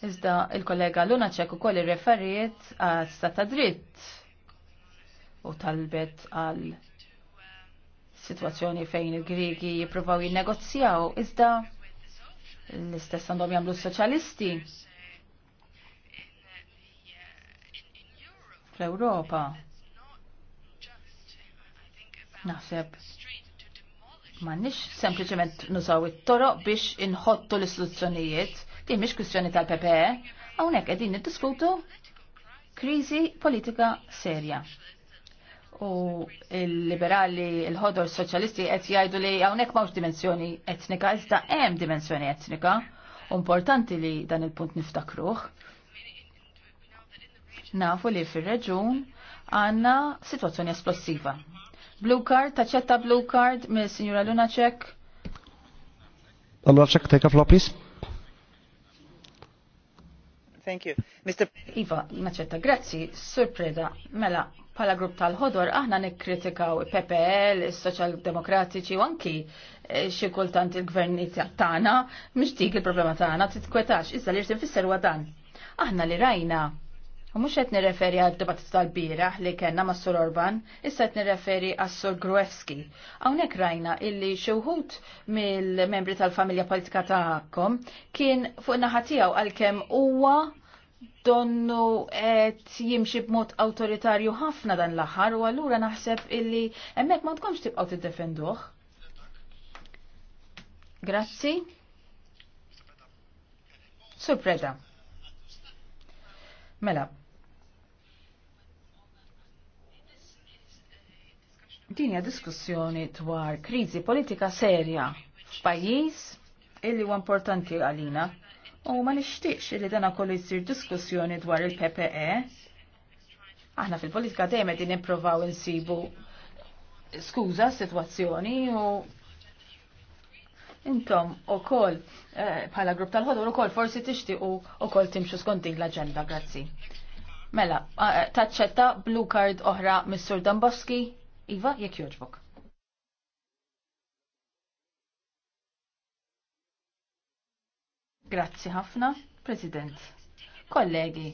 Iżda il-kollega Luna ċek ukoll irreferiet għas ta' dritt u talbet għal situazzjoni fejn il-Grigi jippruvaw jinnegozjaw. Iżda l-istess għandhom jagħmlu s-soċjalisti fl-Ewropa. Naħseb M'għandniex sempliċement nużaw it-toroq biex inħottu l-istituzzjonijiet. Din mhix kwistjoni tal-PPE, hawnhekk qegħdin niddiskutu kriżi politika serja. U il-liberali, il-ħodor soċjalisti qed jgħidu li hawnhekk m'hawnx dimensjoni etnika, iżda hemm dimensjoni etnika. Importanti li dan il-punt niftakruh. Nafu li fir-reġun għandna sitwazzjoni esplosiva Blue card, taċċetta blue card mill signora Luna Cech. Allora Cech, take a floor, please. Thank you. Mr. Iva, naċċetta, grazzi, surpreda, mela, pala grupp tal-ħodor, aħna nikkritikaw PPL, il-Soċjal Demokratiċi, u anki eh, xi kultant il gverni tagħna, mhix dik il-problema tagħna titkwetax, iżda li rtin fisser dan. Aħna li rajna Mux għetni referi għad dibattit tal bira li kena ma' Sur Orban, issa għetni referi għas Sur Gruevski. Għawnek rajna illi xewħut mill-membri tal-familja politika taħkom kien fuq naħatijaw għal-kem uwa donnu għet jimxi b'mod autoritarju ħafna dan l-axar u għallura naħseb illi emmek ma' tkomx tibqaw t-defenduħ. Grazzi. Surpreda. Mela, Din hija diskussjoni dwar kriżi politika serja f'pajjiż illi huwa importanti għalina. U ma nixtieqx illi dana kollu jsir diskussjoni dwar il-PPE. Aħna fil-politika dejjem qegħdin nipprovaw insibu skuża s-sitwazzjoni u intom ukoll eh, bħala grupp tal-ħodur ukoll forsi tixtiequ ukoll timxu skont din l-agenda, grazzi. Mela, eh, taċċetta blue card oħra Mr. Dombowski? Iva, jekk joġbok. Grazzi ħafna, President. Kollegi,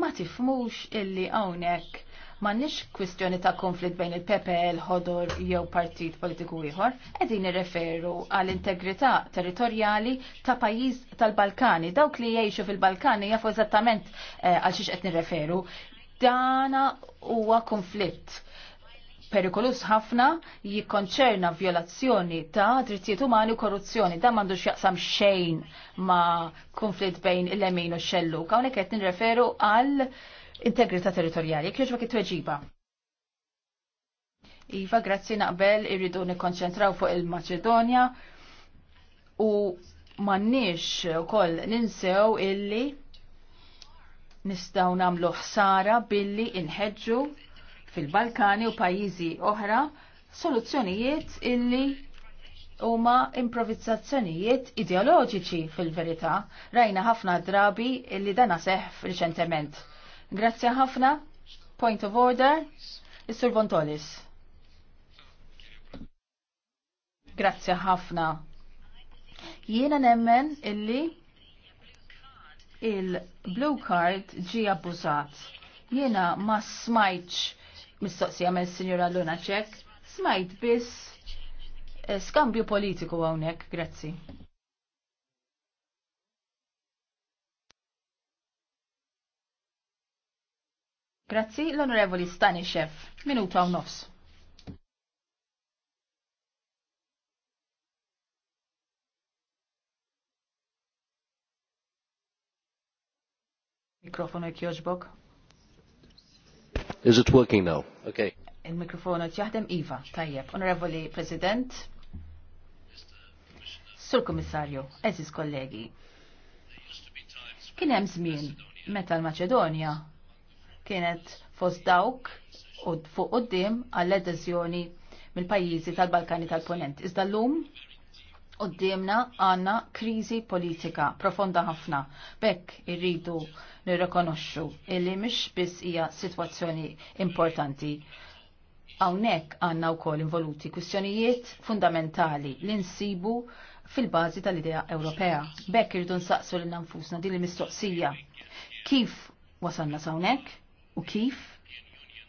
ma tifmux illi hawnhekk ma nix kwistjoni ta' konflitt bejn il-PPL, ħodor jew partit politiku ieħor, qegħdin nirreferu għall integrità territorjali ta' pajjiż tal-Balkani. Dawk li jgħixu fil-Balkani jafu eżattament eh, għal xiex qed nirreferu. Dana huwa konflitt perikolus ħafna jikkonċerna violazzjoni ta' drittijiet umani u korruzzjoni. Dan mandu xjaqsam xejn ma' konflitt bejn il-lemin u xellu. Kawnek qed nirreferu għal integrità territorjali. Kiex ma kitweġiba? Iva, grazzi naqbel irridu nikkonċentraw fuq il-Maċedonja u mannix u koll ninsew illi nistaw namlu ħsara billi inħedġu fil-Balkani u pajjiżi oħra soluzzjonijiet illi huma improvvizzazzjonijiet ideoloġiċi fil-verità rajna ħafna drabi illi dana seħ riċentement. Grazzja ħafna. Point of order. Is-Sur Bontolis. Grazzi ħafna. Jiena nemmen illi il-blue card ġi abbużat. Jiena ma smajċ mistoqsija mel Signora Luna Ċek, smajt biss eh, skambju politiku għawnek, grazzi. Grazzi l-Onorevoli Stani Xef, minuta u nofs. Mikrofonu jek joġbok. Is it working now? Okay. Il-mikrofonu jaħdem Iva, tajjeb. Onorevoli President, Sur Komissarju, eżis kollegi. Kien hemm żmien meta l-Maċedonja kienet fost dawk u fuq quddiem għall-adeżjoni mill-pajjiżi tal-Balkani tal-Ponent. Iżda llum Qoddimna għanna krizi politika profonda ħafna. Bekk irridu nirrekonoxxu illi mhix biss hija sitwazzjoni importanti. Hawnhekk għandna wkoll involuti kwistjonijiet fundamentali li nsibu fil-bażi tal-idea Ewropea. Bekk irridu nsaqsu lil nfusna din il-mistoqsija. Kif wasalna hawnhekk u kif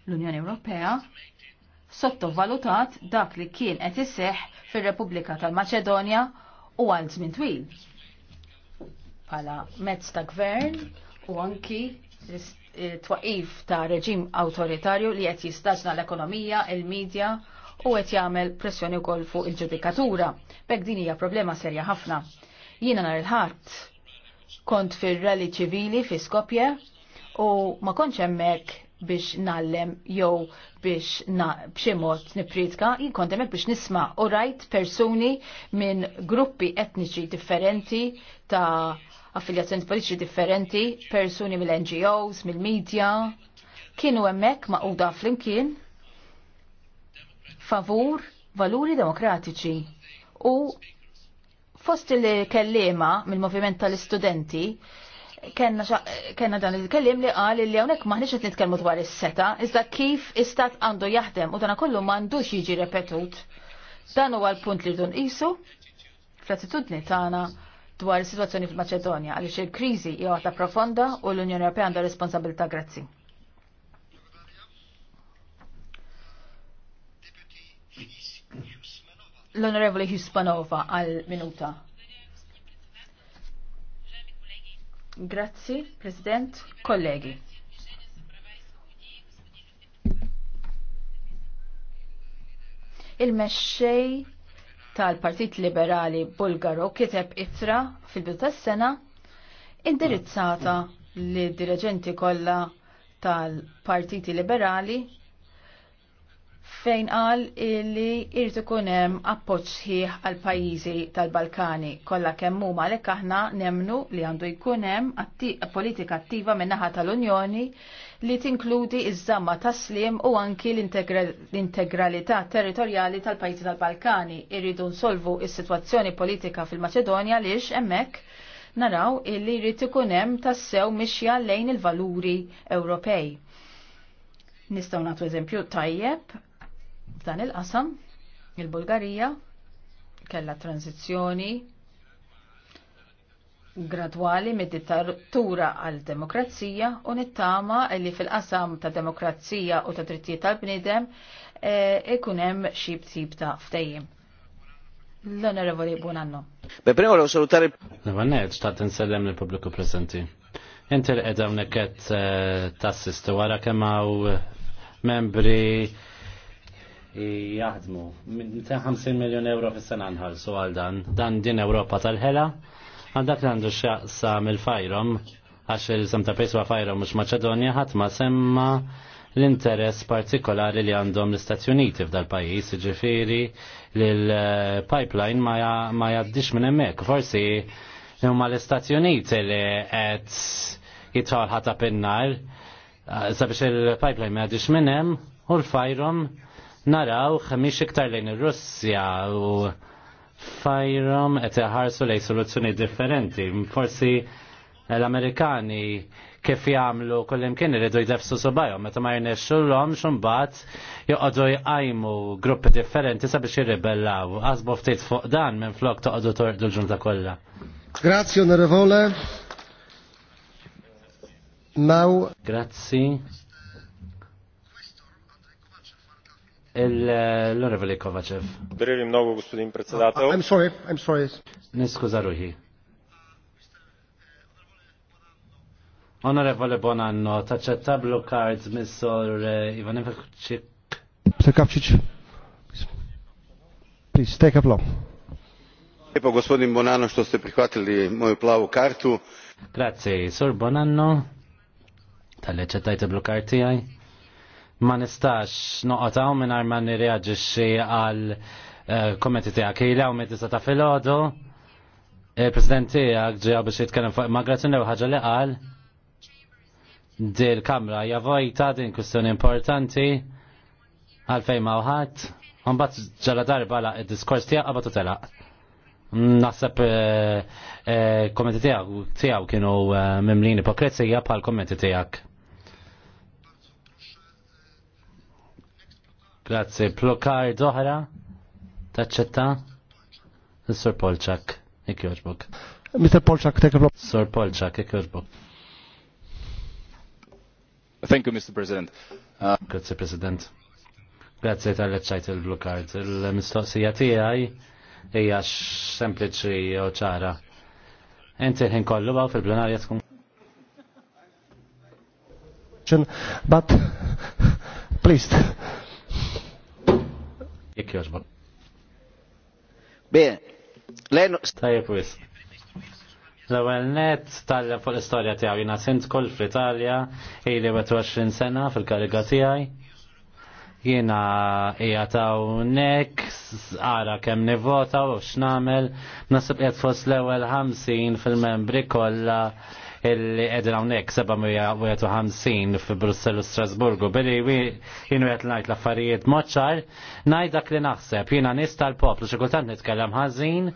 l-Unjoni Ewropea sottovalutat dak li kien qed isseħ fir-Repubblika tal-Maċedonja u għal żmien twil. Pala mezz ta' gvern u anki eh, twaqif ta' reġim autoritarju li qed jistaġna l-ekonomija, il-medja u qed jagħmel pressjoni wkoll fuq il-ġudikatura. Bek din hija problema serja ħafna. Jiena nhar il-ħadd kont fir-rally ċivili fi Skopje u ma kontx hemmhekk biex nallem jew biex na b'xi mod nippritka, jien kont hemmhekk biex nisma' u rajt persuni minn gruppi etniċi differenti ta' affiljazzjoni politiċi differenti, persuni mill-NGOs, mill-medja, kienu hemmhekk maquda flimkien favur valuri demokratiċi u fost il kellema mill-moviment tal-istudenti Kenna dan il-kellim li għal li hawnhekk maħniex qed nitkellmu dwar is-seta, iżda kif istat għandu jaħdem u dana kollu m'għandux jiġi repetut. Dan huwa l-punt li dun nqisu fl-attitudni tagħna dwar is-sitwazzjoni fil-Maċedonja għaliex il-kriżi hija waħda profonda u l-Unjoni Ewropea għandha responsabilità grazzi. l-Onorevoli Hispanova għal minuta. Grazzi, President, kollegi. Il-mexxej tal-Partit Liberali Bulgaro kiteb itra fil-bidu tas-sena indirizzata li direġenti kollha tal-Partiti Liberali fejn qal li irtu kunem appoġġ sħiħ għal pajjiżi tal-Balkani kollha kemm huma għalhekk aħna nemnu li għandu jkun hemm politika attiva min-naħa tal-Unjoni li tinkludi iż-żamma taslim u anki l-integralità territorjali tal-pajjiżi tal-Balkani. Irridu nsolvu is-sitwazzjoni politika fil-Maċedonja lix hemmhekk naraw illi jrid ikun hemm tassew mixja lejn il-valuri Ewropej. Nistaw natu eżempju tajjeb Dan il-qasam, il-Bulgarija kella tranzizjoni gradwali mid dittatura għal demokrazija u nittama li fil-qasam ta' demokrazija u ta' drittijiet tal-bnidem eh, ikun hemm xi tip ta' ftejjim. L-Onorevoli Be Bebreo volevo salutare. Navanet, xtat nsellem li pubbliku prezenti. Inti l-edha unneket eh, tassist wara kemm membri jaħdmu. 50 miljon euro fis-sena nħallsu għal dan. Dan din Ewropa tal-ħela. Għandak li għandu xaqsa mill-fajrom, għax il-sem ta' peswa fajrom mux Maċedonja ħatma semma l-interess partikolari li għandhom l-Istati Uniti f'dal pajis, ġifiri li l-pipeline ma jaddix minn emmek. Forsi huma l-Istati Uniti li qed jitħolħata pinnar eh, sabiex il-pipeline ma jaddix minn hemm u l-fajrom naraw miex iktar lejn ir-Russja u fajrom qed iħarsu lejn soluzzjoni differenti. Forsi l-Amerikani kif jagħmlu kullim kien iridu jdefsu subajhom meta ma jnexxulhom xumbat joqogħdu jqajmu gruppi differenti sabiex jirribellaw. Qasbu ftit fuq dan minn flok toqgħodu torqdu l-ġunta kollha. Grazie onorevole. Now. Grazzi. l-Onorevoli Kovacev. Brili mnogu, gospodin predsedatel. I'm sorry, I'm sorry. Niskuza ruħi. Onorevole Bonanno, taċċetta blue cards missor eh, Ivan Evekċik. Mr. Kapčić, please take a blow. Lijepo gospodin Bonanno što ste prihvatili moju plavu kartu. Grazie, sor Bonanno. Tal-leċċettajte blue card tijaj ma nistax noqotaw minn ma nirreagġixxi għal eh, kommenti tiegħek ila u medisa ta' filgħodu. Il-President eh, tiegħek ġew biex jitkellem fuq immigrazzjoni u ħaġa li qal dil-kamra hija vojta din kwistjoni importanti għalfejn ma uħat. Mbagħad ġara darba laq id-diskors tiegħek qabad u telaq. Naħseb eh, kommenti tiegħu kienu mimlin ipokrizija bħal kommenti tiegħek. Grazie. Plokar Zohara? Taċċetta? Sir Polczak, ik joġbok. Mr. Polczak, take a block. Sir Polczak, ik joġbok. Thank you, Mr. President. Uh, Grazie, President. Grazie tal-leċċajt il-blu Il-mistoqsija tiegħi hija sempliċi oċara. Enti Inti ħin kollu baw fil-plenarja tkun. But please Jek joġbok. Bien, lejn. Tajjeb wis. L-ewwel net talja fuq l-istorja tiegħu jiena sint kol fl-Italja ili 20 sena fil-kariga tiegħi. Jiena hija hawnhekk ara kemm nivvota u x'namel, nasib qed fost l-ewwel 50 fil-membri kollha illi edin għonek 750 fi Brussel u Strasburgu. Billi jienu għet najt laffarijiet moċar, najt dak li naħseb, jina nis tal-poplu, xikultant nitkellem ħazin,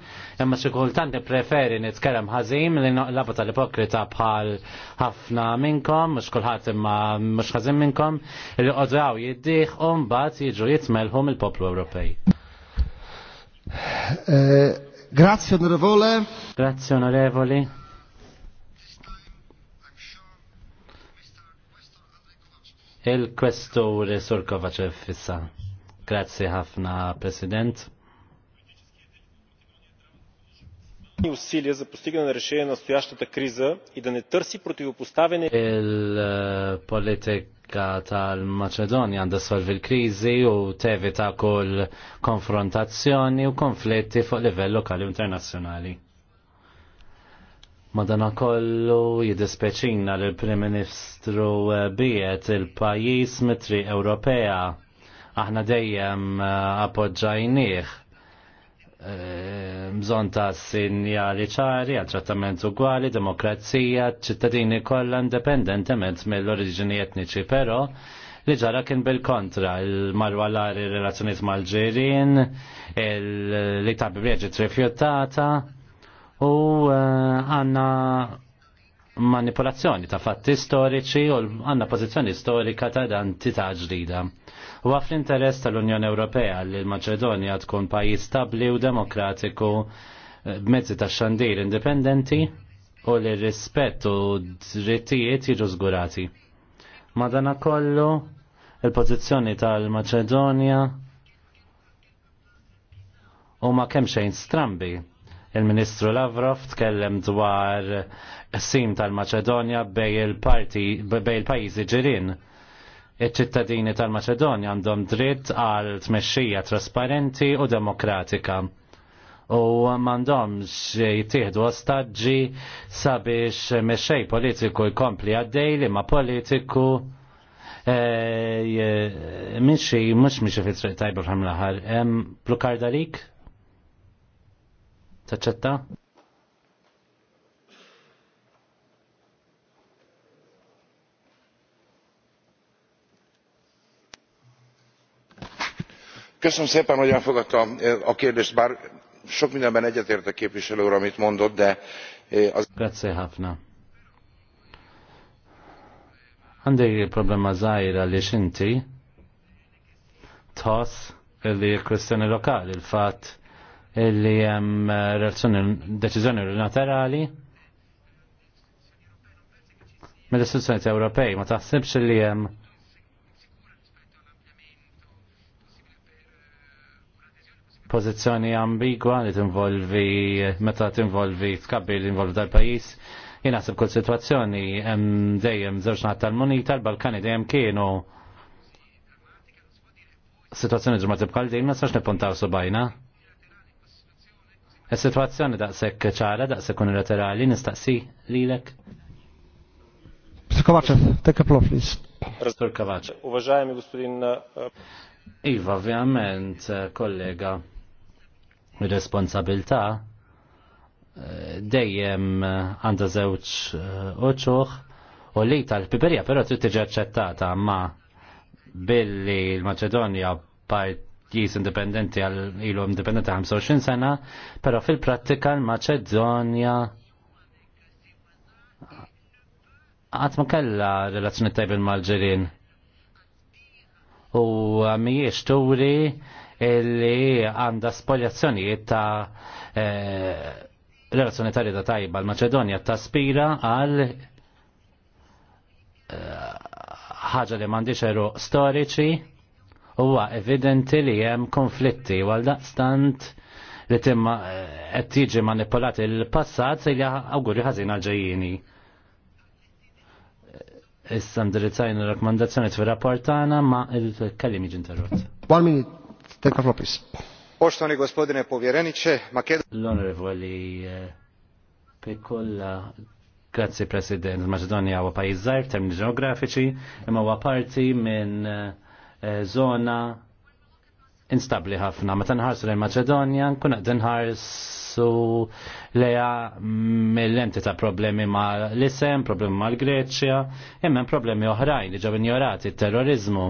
imma xikultant preferi nitkellem ħazin, li laba tal-ipokrita bħal ħafna minnkom, mux kullħat imma mux ħazin minnkom, li għodraw jiddiħ un bat jiġu jitmelħum il-poplu Ewropej. Eh, grazie onorevole. Grazie onorevoli. Il-kwestur Sur fissa. Grazzi ħafna, President. Il-politika tal macedonia għandha solvi l-kriżi u tevita kull konfrontazzjoni u konflitti fuq livell lokali u internazzjonali. Madana kollu jidispeċina l prim Ministru eh, bijet il-pajis mitri Ewropea. Aħna dejjem eh, appoġġajnieh. Eh, Bżon ta' sinjali ċari, għal trattament ugwali, demokrazija, ċittadini kollha indipendentement mill-oriġini etniċi, però li ġara kien bil-kontra, il-marwalari relazzjoniet mal-ġirin, li ta' bibrieġi trifjutata, u eh, għanna manipolazzjoni ta' fatti storiċi u għanna pozizjoni storika ta' dan tita' ġdida. U għaf l-interess tal-Unjoni Ewropea li l-Maċedonja tkun pajis stabli u demokratiku b'mezzi eh, ta' xandir indipendenti u li rispett u drittijiet jiġu żgurati. Madana kollu il-pozizjoni tal-Maċedonja u ma kemm xejn strambi il-Ministru Lavrov tkellem dwar sim tal-Maċedonja bej il-parti il-pajjiżi ġirin. Iċ-ċittadini tal-Maċedonja għandhom dritt għal tmexxija trasparenti u demokratika u mandomx jitieħdu ostaġġi sabiex mexxej politiku jkompli għaddej li ma politiku e, minxi mux minxi fit-triq tajba fl-ħamlaħar. Taċċetta? Köszönöm szépen, hogy elfogadta eh, a kérdést, bár sok mindenben egyetért a képviselő úr, amit mondott, de eh, az... Grazie, Hafna. Għandeg problema zaħira li xinti tħoss li kwestjoni lokali, il-fat li hemm eh, relazzjoni deċiżjoni unilaterali mill-istituzzjoni Ewropej ma taħsibx li hemm pożizzjoni ambigwa li tinvolvi meta tinvolvi tkabbi li involvi dal-pajjiż jien naħseb kull sitwazzjoni hemm dejjem żewġ naħat tal-Munita l-Balkani dejjem kienu situazzjoni ġurma tibqal din ma sax nipuntaw subajna. Is-sitwazzjoni daqshekk ċara, daqshekk unilaterali, nistaqsi lilek. Mr. Kovacev, take a floor, please. Mr. Kovacev. Uważajmy, gospodin... Eh, iva, ovvjament, eh, kollega, responsabilta eh, dejjem għanda zewċ uċuħ u li tal-Piberija, pero trid tiġi aċċettata ma billi l macedonia part jis independenti għal ilu indipendenti 25 sena, pero fil-prattika l macedonia għat ma kella relazzjoni tajbin mal-ġirin. U għamijiex turi li għanda spoljazzjonijiet ta' eh, relazzjoni tarida tajba l macedonia ta' spira għal eh, ħaġa li mandiċeru eru storiċi huwa evidenti li hemm konflitti għal daqstant li timma eh, qed tiġi manipulat il-passat se li awguri ħażin għal-ġejjini. Issa ndirizzajna rakkomandazzjoni fir-rapport tagħna ma il-kellim jiġi interrott. One minute, take off Lopez. Poštovani gospodine povjereniče, Makedonija... L'onorevoli eh, Pikola, grazie president, Macedonia u pajizzar, termini geografici, imma u parti minn uh, Eh, zona instabli ħafna. Meta nħarsu lejn Maċedonja, nkun qed nħarsu leja mill-enti ta' problemi ma' l-isem, problemi ma' l-Greċja, imma problemi oħrajn li ġew jorati, terrorizmu,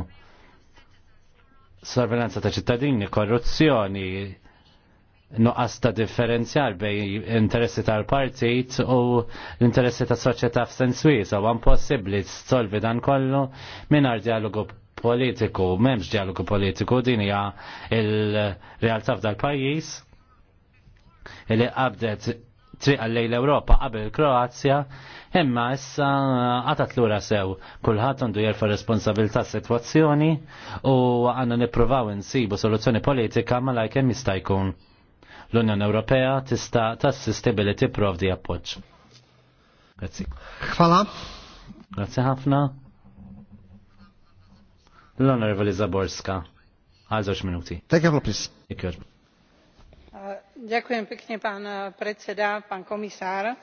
sorveljanza ta' ċittadini, korruzzjoni, nuqqas ta' differenzjar bej interessi tal-partit u l-interessi ta' soċjetà f'sens għan possibli impossibbli tsolvi dan kollu mingħajr dialogu politiku, memx dialogu politiku, din hija il-realtà f'dal pajjiż li qabdet triq għallej l-Europa qabel Kroazja, imma issa għatat l-ura sew, kullħat għandu jerfa responsabilta situazzjoni u għanna nippruvaw nsibu soluzzjoni politika ma lajkem jista' jkun. L-Unjoni Ewropea tista' tas-sistibili tipprovdi appoġġ. Grazzi. Grazie Grazzi ħafna. L-Onorevoli Zaborska, għal żewġ minuti. Tekja propis. Dziękuję pięknie pan predseda, pan komisar.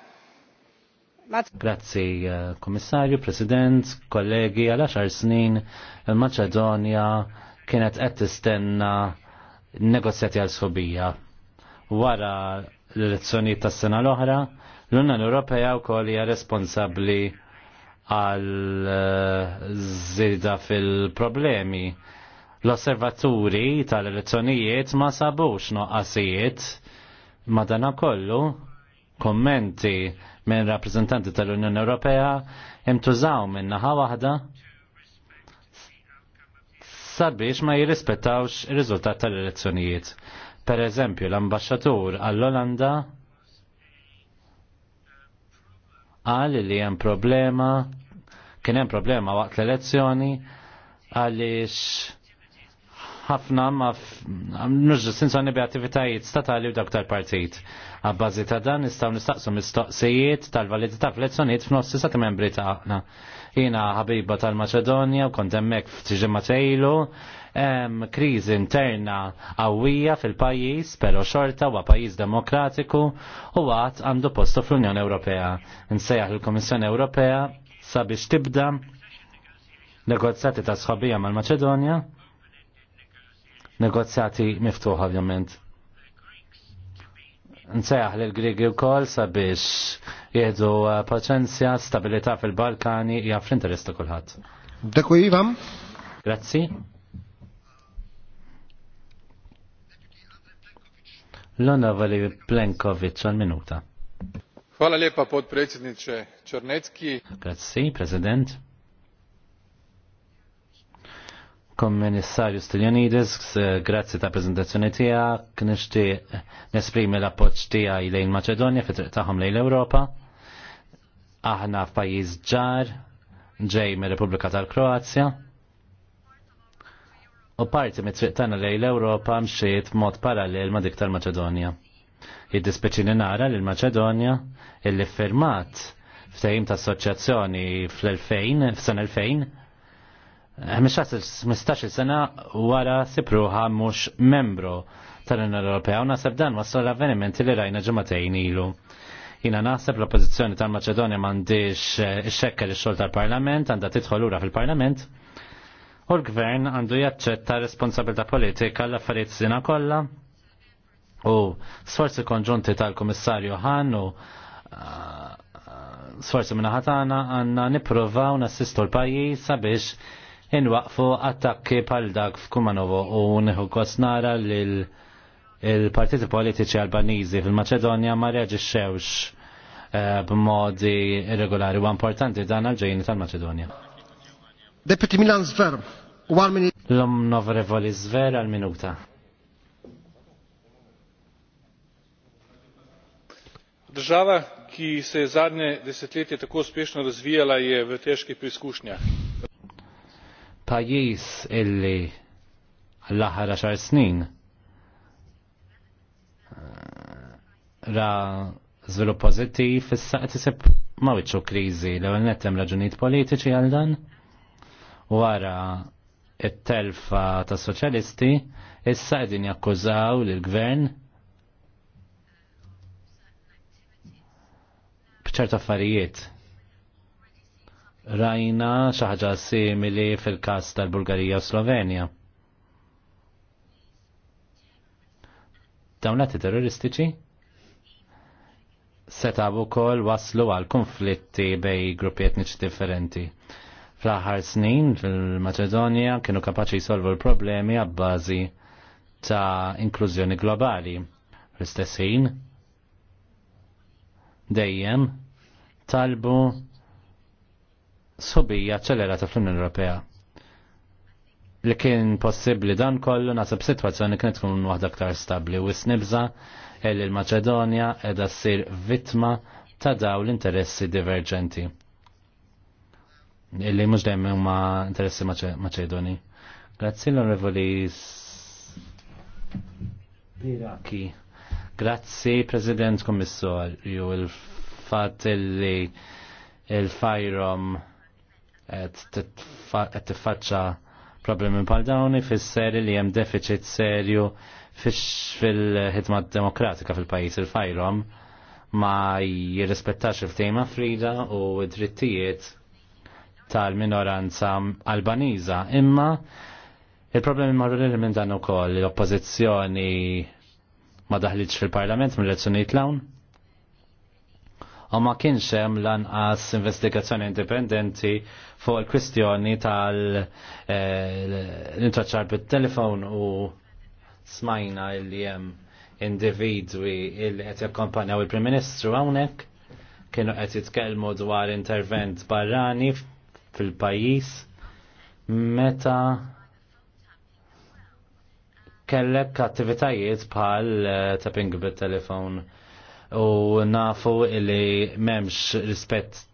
Grazie eh, komissarju, president, kollegi, għal għaxar snin il-Maċedonja eh, kienet qed tistenna negozjati għal sħobija. Wara l-elezzjoni tas-sena l-oħra, l-Unjoni Ewropea wkoll hija responsabbli għal eh, zida fil-problemi. L-osservaturi tal-elezzjonijiet ma sabux noqqasijiet dana kollu kommenti minn rappresentanti tal-Unjoni Ewropea imtużaw minn naħa waħda sabiex ma jirrispettawx ir-riżultat tal-elezzjonijiet. Per eżempju, l-ambasċatur għall-Olanda qal li hemm problema kien hemm problema waqt l-elezzjoni għaliex ħafna ma nuġġu sinsa nibi attivitajiet statali u dak tal Għabbazi ta' dan nistaw nistaqsu mistoqsijiet tal-validità fl-elezzjonijiet f'nofsi sa' membri tagħna. Jiena ħabiba tal-Maċedonja u kont hemmhekk f'tiġi Matejlu Hemm kriżi interna qawwija fil-pajjiż, però xorta huwa pajjiż demokratiku u għad għandu posto fl-Unjoni Ewropea. Nsejjaħ il kummissjoni Ewropea sabiex tibda negozjati ta' sħabija mal-Maċedonja, negozjati miftuħ ovvjament. Nsejjaħ lill-Griegi wkoll sabiex jieħdu eh, paċenzja, stabilità fil-Balkani hija fl-interess ta' kulħadd. Dekwi Ivan. Grazzi. l-onorevoli Plenkovic għal minuta. Hvala lijepa potpredsjedniče Črnecki. Grazie, president. Kommissarju Stiljanides, grazie ta' prezentazzjoni tiegħek, nixtieq nesprimi l-appoġġ tiegħi lejn Maċedonja fit triq tagħhom lejn Ewropa. Aħna f'pajjiż ġar ġej me repubblika tal-Kroazja U parti mit-triq tana lejn l-Ewropa mxiet mod parallel ma' dik tal-Maċedonja. id dispeċin nara l maċedonja illi firmat f'tejjim ta' assoċjazzjoni fl-2000, f'san 2000, 15 sena wara sipruħa mhux membru tal-Unjoni Ewropea u nasab dan wasal l-avvenimenti li rajna ġematejn ilu. Jina naħseb l-oppozizjoni tal-Maċedonja mandiġ eh, xekkel ix-xogħol tal-Parlament, għandha tidħol lura fil-Parlament, u l-gvern għandu jaċċetta responsabilità politika l-affarijiet zina kollha u sforzi konġunti tal-Kummissarju Hahn u uh, sforzi minna ħatana għanna u nassistu l-pajjiż sabiex inwaqfu attakki pal dak f'Kumanovo u nieħu kosnara lil il-partiti politiċi albanizi fil-Maċedonja ma reaġixxewx uh, b'modi irregolari u importanti dan għal-ġejni tal-Maċedonja. Deputy Milan Zver. L-om novrevoli zver għal-minuta. Država, ki se je zadnje desetletje tako uspešno razvijala, je v težkih preizkušnjah. Pajis illi l-aħħar xar snin eh, ra dan it-telfa ta' soċjalisti issa qegħdin jakkużaw lill-gvern b'ċerta affarijiet. Rajna xi ħaġa simili fil-każ tal-Bulgarija u Slovenja. Dawn l terroristiċi setabu kol waslu għal konflitti bej gruppi etniċi differenti fl-aħħar snin fil-Maċedonja kienu kapaċi jisolvu l-problemi għabbażi ta' inklużjoni globali. fl istessin dejjem talbu subija ċelerata fl-Unjoni Ewropea. Li kien possibbli dan kollu nasab situazzjoni kienet tkun waħda aktar stabbli u snibża l maċedonja edha ssir vittma ta' daw l-interessi diverġenti illi mux dejjem huma interessi maċedoni. Grazzi l-onorevoli Piraki. Grazzi President Kommissarju il fat illi il-fajrom qed tiffaċċa problemi bħal dawn ifisser li hemm deficit serju fil-ħidma demokratika fil-pajjiż il-fajrom ma jirrispettax il tema frida u id drittijiet tal-minoranza albaniża, imma il-problemi marru li minn dan ukoll l-oppożizzjoni ma daħlitx fil-parlament mill-elezzjonijiet lawn. U ma kienx hemm lanqas investigazzjoni indipendenti fuq il-kwistjoni tal eh, intraċar bit-telefon u smajna il hemm individwi li qed jakkompanjaw il-Prim Ministru hawnhekk kienu qed jitkellmu dwar intervent barrani fil-pajis meta kellek attivitajiet bħal eh, tapping bit-telefon u nafu li memx rispett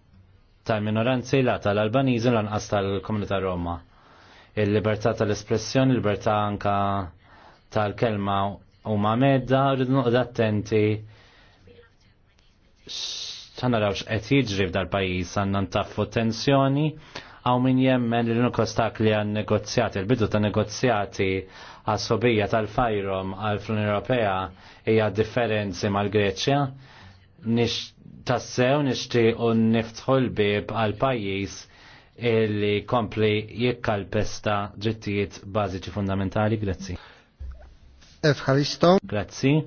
tal-minoranzi la tal-Albanizi lanqas tal-komunità Roma. Il-libertà tal-espressjoni, il-libertà anka tal-kelma u ma medda, rridu attenti ħanarawx qed jiġri f'dal-pajjiż għandna ntaffu tensjoni għaw min jemmen li l li għan negozjati, l-bidu ta' negozjati għas tal-fajrom għal-Flun Ewropea hija differenzi mal-Greċja, nix tassew nixti un niftħol bib għal-pajis illi kompli jikkalpesta drittijiet bażiċi fundamentali, grazzi. Efħaristo. Grazzi.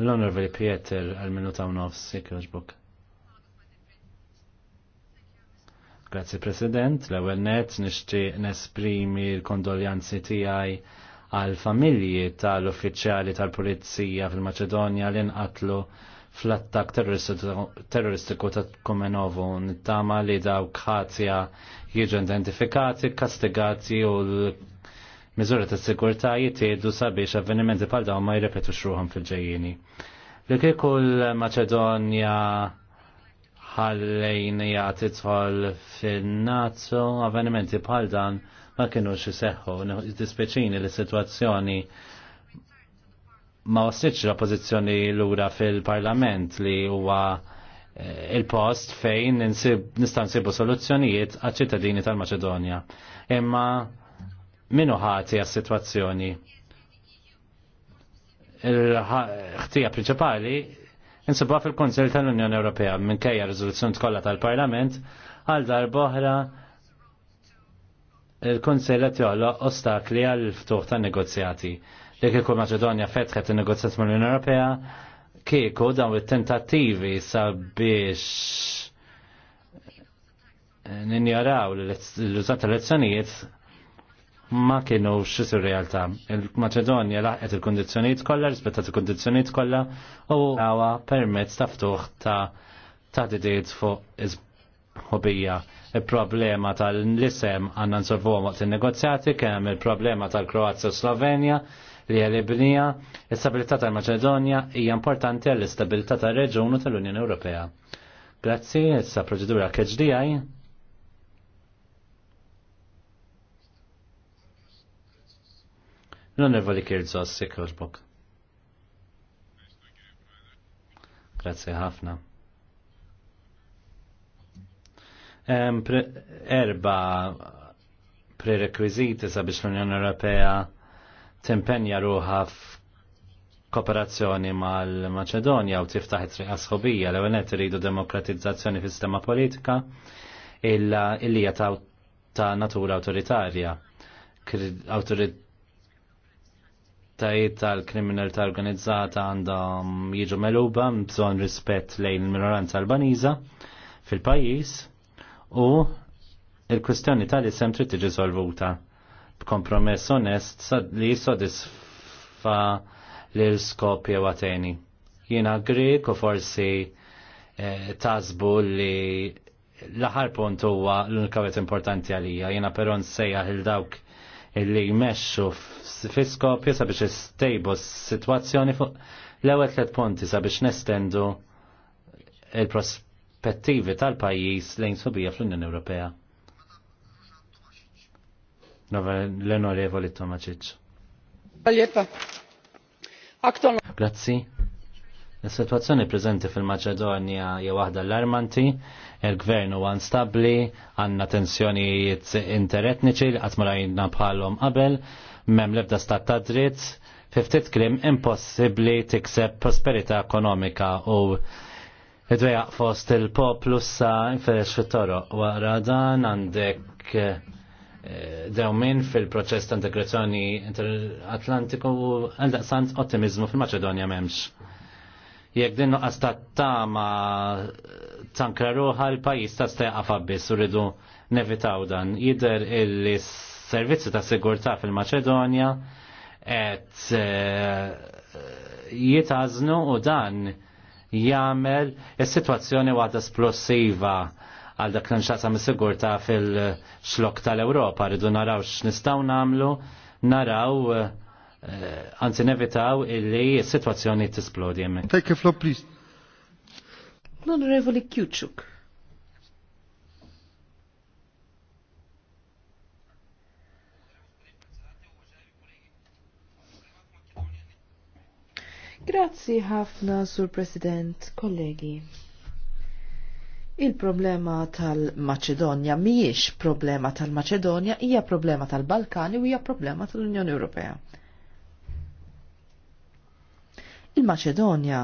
L-Honorable Pieter għal-minuta u nofs, jekk Grazzi President, l ewwel net nixtieq nesprimi l-kondoljanzi tiegħi għal familji tal-uffiċjali tal-Pulizija fil-Maċedonja li nqatlu fl-attak terroristiku ta' Komenovu nittama li dawk ħatja jiġu identifikati, kastigati u Miżura ta' sigurtaj jittiedu sabiex avvenimenti bħal dawn ma jirrepetu xruħom fil-ġejjini. Li kieku l ħallejn jgħati tħol fin-NATO, avvenimenti bħal dan ma kienux iseħħu, dispeċini li situazzjoni ma wassitx la pożizzjoni lura fil-Parlament li huwa eh, il-post fejn nistan nsibu soluzzjonijiet għaċ-ċittadini tal-Maċedonja. Imma minu ħati għas situazzjoni il-ħtija principali insibba fil-Konsil tal-Unjoni Ewropea minkejja riżoluzzjoni tkollha tal-Parlament għal darboħra il-Konsil qed ostakli għal ftuħ tan negozjati. Dik ikun Maċedonja fetħet in-negozjat mal-Unjoni Ewropea kieku dawn it-tentattivi sabiex ninjaraw l-użat elezzjonijiet ma kienu xis realtà Il-Maċedonja laħqet il-kondizjoniet kollha, rispettat il-kondizjoniet kollha u għawa permezz ta' ftuħ ta' ta' didiet fuq izbobija. Il-problema tal-lisem għanna nsolvu għomot il-negozjati kemm il-problema tal-Kroazja u Slovenja li għal-ibnija, l stabilità tal-Maċedonja hija importanti għall-istabilità tal-reġunu tal-Unjoni Ewropea. Grazzi, issa proċedura KHDI. s onorevoli l sikroġbok. Grazie ħafna. erba prerekwiziti sabiex l-Unjoni Ewropea timpenja ruħa kooperazzjoni mal-Maċedonja u tiftaħ it-triqa sħobija l għenet iridu demokratizzazzjoni fis sistema politika illa hija ta' natura autoritarja tajt tal-kriminalità organizzata għandhom mm, jiġu meluba bżon rispett lejn il-minoranza albaniża fil-pajjiż u il-kwestjoni tal-isem trid tiġi solvuta b'kompromess onest li jissodisfa l-skop jew għateni. Jiena Grek u forsi eh, tasbu li l-aħar punt huwa l-unika importanti għalija. Jiena però nsejjaħ il-dawk Illi jmexxu fiskopju sabiex istejbu s-sitwazzjoni fuq l-ewwel tliet punti sabiex nestendu il-prospettivi tal-pajjiż lejn subija fl-Unjoni Ewropea. L-onorevoli Tomacic. Grazzi. Is-sitwazzjoni preżenti fil-Maċedonja hija waħda l-armanti, il-gvern huwa instabbli, għandna tensjonijiet interetniċi li qatt ma bħalhom qabel, m'hemm l-ebda stat ta' dritt, fi ftit kliem impossibbli tikseb prosperità ekonomika u id-dwejja fost il-poplu sa inferex fit-toro. Wara dan għandek eh, dewmin fil-proċess ta' integrazzjoni interatlantiku għal għaldaqsant ottimizmu fil-Maċedonja memx jekk din noqqas ta' tama tankra ruħa l-pajis ta' steqa fabbis u rridu nevitaw dan. Jider il-servizzi ta' sigurta' fil-Macedonia et eh, jitaznu u dan jagħmel is-sitwazzjoni waħda esplosiva għal dak l-inxaqsa mis-sigurta fil-xlok tal-Ewropa. Rridu naraw x'nistgħu nagħmlu, naraw eh, għanzi eh, nevitaw illi s-situazzjoni t splodi jemmek. Take a floor, please. L-Onorevoli Kjuċuk. Grazzi ħafna, Sur President, kollegi. Il-problema tal macedonja mhijiex problema tal macedonja hija problema tal-Balkani u hija problema tal-Unjoni Ewropea il-Maċedonja.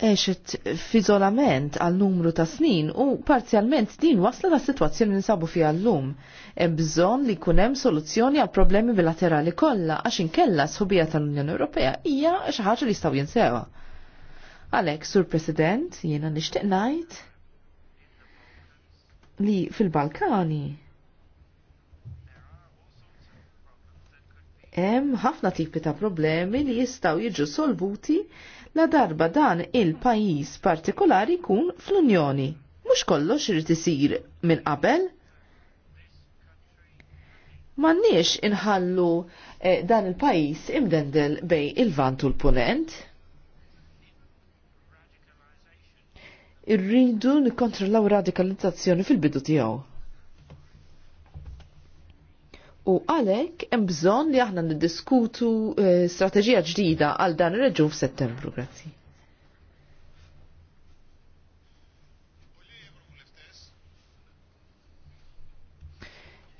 eċet f'izolament għal numru ta' snin u parzjalment din wasla la' situazzjoni nisabu fi għallum. lum Ebżon li kunem soluzzjoni għal problemi bilaterali kollha għax inkella sħubija tal-Unjoni Ewropea hija xi ħaġa li jistgħu jinsewa. Għalhekk, Sur President, jiena nixtieq ngħid li fil-Balkani Hemm ħafna tipi ta' problemi li jistgħu jiġu solvuti la darba dan il-pajjiż partikolari jkun fl-Unjoni. Mhux kollox irid isir minn qabel. M'għandniex inħallu eh, dan il-pajjiż imdendel bej il-vant u l-punent. Irridu nikkontrollaw radikalizzazzjoni fil-bidu tiegħu. U għalek hemm bżonn li aħna niddiskutu eh, strateġija ġdida għal dan ir-reġun f'Settembru, grazzi.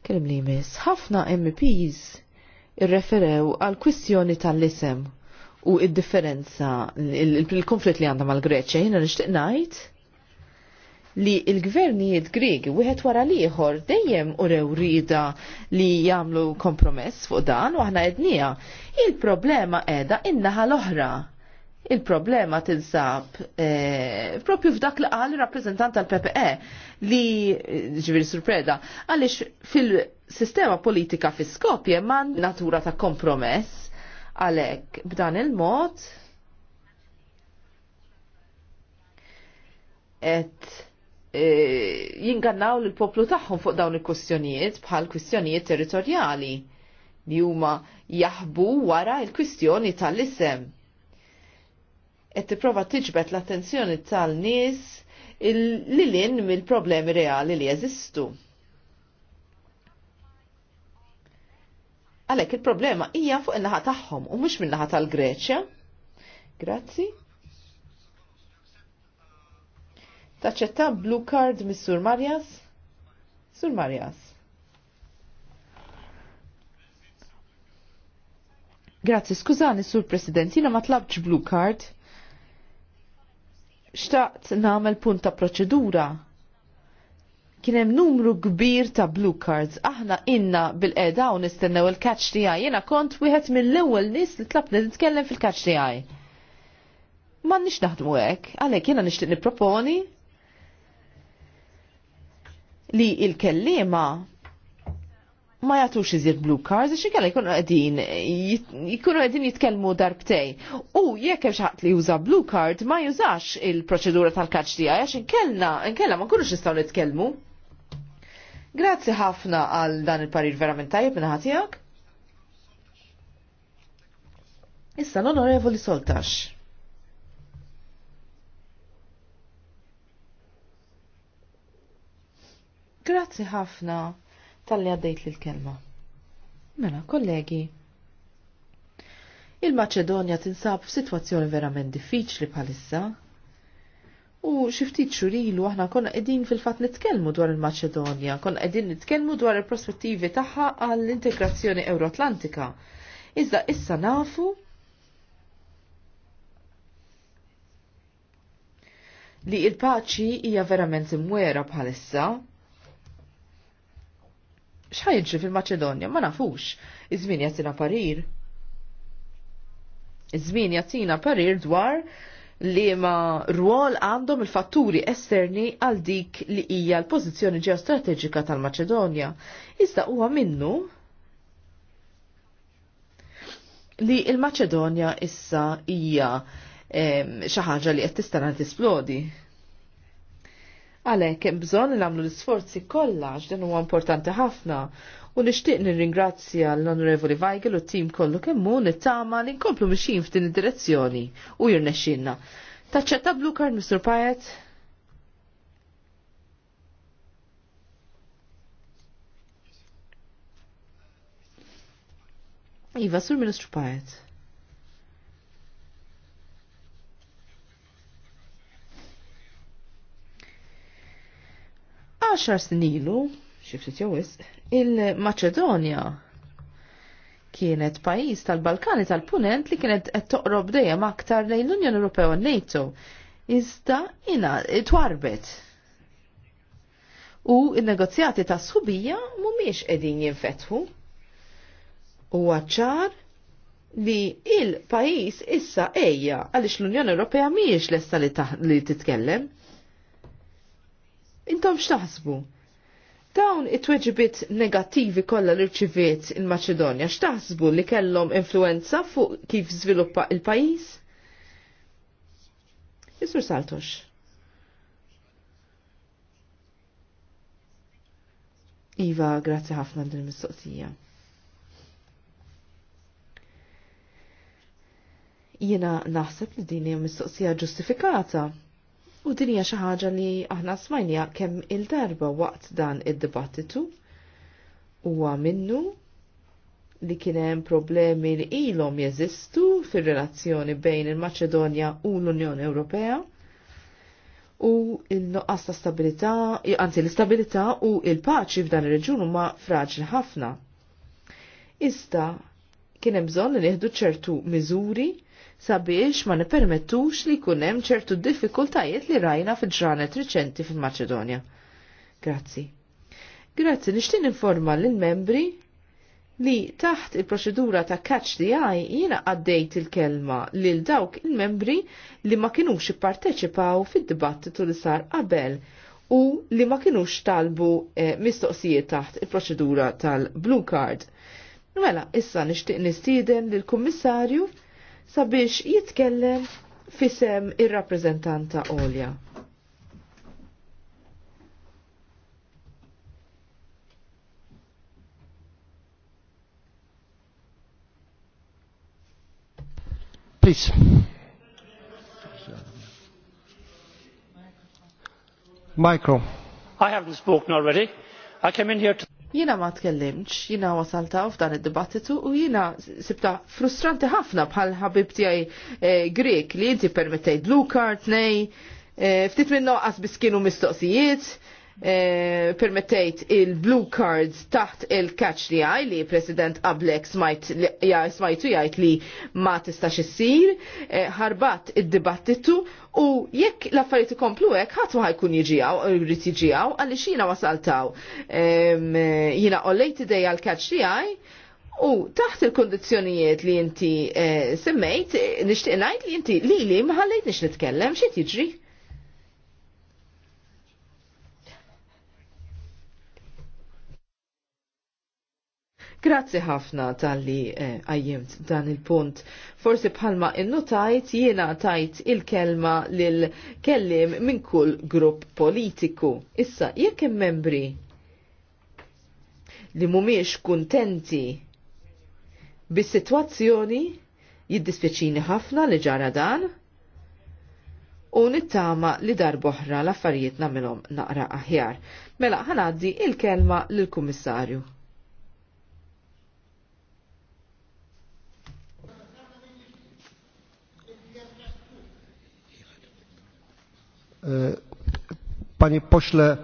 Kelim li ħafna MPs irreferew għal kwistjoni tal-isem u id-differenza, il-konflitt li għandha mal-Greċja, jina nishtiq ngħid li il-gvernijiet Gregi wieħed wara liħor dejjem u rew rida li jagħmlu kompromess fuq dan u aħna ednija. Il-problema qiegħda in-naħa l-oħra. Il-problema tinsab eh, propju f'dak li qal rappreżentant tal-PPE li ġifieri surpreda għaliex fil-sistema politika fi Skopje man natura ta' kompromess għalhekk b'dan il-mod et E, jingannaw l-poplu tagħhom fuq dawn il-kwistjonijiet bħal kwistjonijiet territorjali li huma jaħbu wara il-kwistjoni tal-isem. Qed tipprova tiġbed l-attenzjoni tal-nies li lin mill-problemi reali li jeżistu. Għalhekk il-problema hija fuq in-naħa tagħhom u mhux min-naħa tal-Greċja. Grazzi. Taċċetta blue card mis-Sur Marjas? Sur Marjas. Grazzi, skużani, Sur President, jina ma tlabċ blue card. Xtaqt namel punt ta' proċedura kienem numru kbir ta' blue cards. Aħna inna bil-qeda u nistennew il-catch ti għaj. Jena kont wieħed mill-ewwel nies li tlabna nitkellem fil-catch ti għaj. Ma nix naħdmu hekk, għalhekk jiena nixtieq nipproponi li il-kellima ma jatux iżir blue cards, xie kalla jkunu għedin, jikunu għedin jitkelmu darbtej. U jekk hemm xaħat li juża blue card, ma jużax il-proċedura tal-kaċ tija, għax inkellna, inkella ma kunux nistgħu nitkellmu. Grazzi ħafna għal dan il-parir verament tajjeb minn ħatijak. Issa l-onorevoli Soltax. Grazzi ħafna tal-li għaddejt l-kelma. Mela, kollegi, il-Maċedonja tinsab f'sitwazzjoni verament diffiċli bħalissa. U xiftit xurilu aħna konna qegħdin fil-fatt nitkellmu dwar il-Maċedonja, konna qegħdin nitkellmu dwar il-prospettivi tagħha għall-integrazzjoni Euroatlantika. Iżda issa nafu li il-paċi hija verament imwera bħalissa xħajġri fil macedonia ma nafux, iż-żmien jatina parir. Izmin żmien jatina parir dwar li ma rwol għandhom il-fatturi esterni għal dik li hija l-pożizzjoni ġeostrateġika tal-Maċedonja. Iżda huwa minnu li il-Maċedonja issa hija xi ħaġa li qed tista' tisplodi. Għalhekk hemm bżonn li nagħmlu l-isforzi kollha dan huwa importanti ħafna u nixtieq nirringrazzja l-Onorevoli Weigel u t-tim kollu kemmu nittama li nkomplu mixin f'din id-direzzjoni u jirnexxinna. Taċċetta blu card, Mr. Pajet? Iva, Sur Ministru Pajet. 10 snilu, xifrit jowis, il-Maċedonja kienet pajis tal-Balkani tal-Punent li kienet qed toqrob dejjem aktar lejn l-Unjoni Ewropea u NATO. Iżda jina twarbet. U n-negozjati ta' subija mhumiex qegħdin jinfetħu. U ċar li il-pajis issa ejja għaliex l-Unjoni Ewropea mhijiex essa li titkellem. Intom x'taħsbu? Dawn it-tweġibit negattivi kollha li rċiviet il-Maċedonja, x'taħsbu li kellhom influenza fuq kif żviluppa il pajis Jisur Saltox. Iva, grazzi ħafna din mistoqsija. Jiena naħseb li din hija mistoqsija ġustifikata U din hija xi ħaġa li aħna smajnija kemm il-darba waqt dan id-dibattitu huwa minnu li kien hemm problemi li ilhom jeżistu fir-relazzjoni bejn il-Maċedonja u l-Unjoni Ewropea u il-noqqas ta' stabilità, anzi l-istabilità u il-paċi f'dan ir-reġjun huma fraġli ħafna. Iżda kien hemm bżonn li nieħdu ċertu miżuri sabiex ma nipermettux li jkun hemm ċertu diffikultajiet li rajna fil-ġranet riċenti fil-Maċedonja. Grazzi. Grazzi, nixtieq informa lill membri li taħt il-proċedura ta' catch the eye jiena għaddejt il-kelma lil dawk il-membri li ma kinux ipparteċipaw fid-dibattitu li sar qabel u li ma kinux talbu eh, mistoqsijiet taħt il-proċedura tal-blue card. Mela, issa nixtieq nistieden lill-Kummissarju sabiex jitkellem fisem ir-rappreżentanta Olja. Please. Micro. I haven't spoken already. I came in here to Jina ma tkellimx, jina wasalta f'dan id-dibattitu u jina sibta frustranti ħafna bħal ħabib tiegħi eh, Grek li inti permettejt blue card nej, eh, ftit minn noqqas biskinu mistoqsijiet, Eh, permettejt il-blue cards taħt il-catch li għaj li president Ablek smajtu jgħajt li ma tistax issir, eh, ħarbat id-dibattitu u jekk l-affarijiet ikomplu hekk ħadd ma ħajkun jiġijaw, jrid jiġijaw għaliex jiena wasaltaw. jiena qollejt idejja l-catch li għaj U taħt il-kondizjonijiet li inti eh, semmejt, nishtiq najt li inti li li maħallejt nix nitkellem, xie tiġri? Grazzi ħafna tal-li eh, għajjimt dan il-punt. Forsi bħalma innotajt jiena tajt il-kelma lil kellim minn kull grupp politiku. Issa, jekk hemm membri li mumiex kuntenti bis-sitwazzjoni jiddispjaċini ħafna li ġara dan u nittama li boħra l-affarijiet namilhom naqra aħjar. Mela ħanaddi il-kelma lill-Kummissarju. E, panie pośle,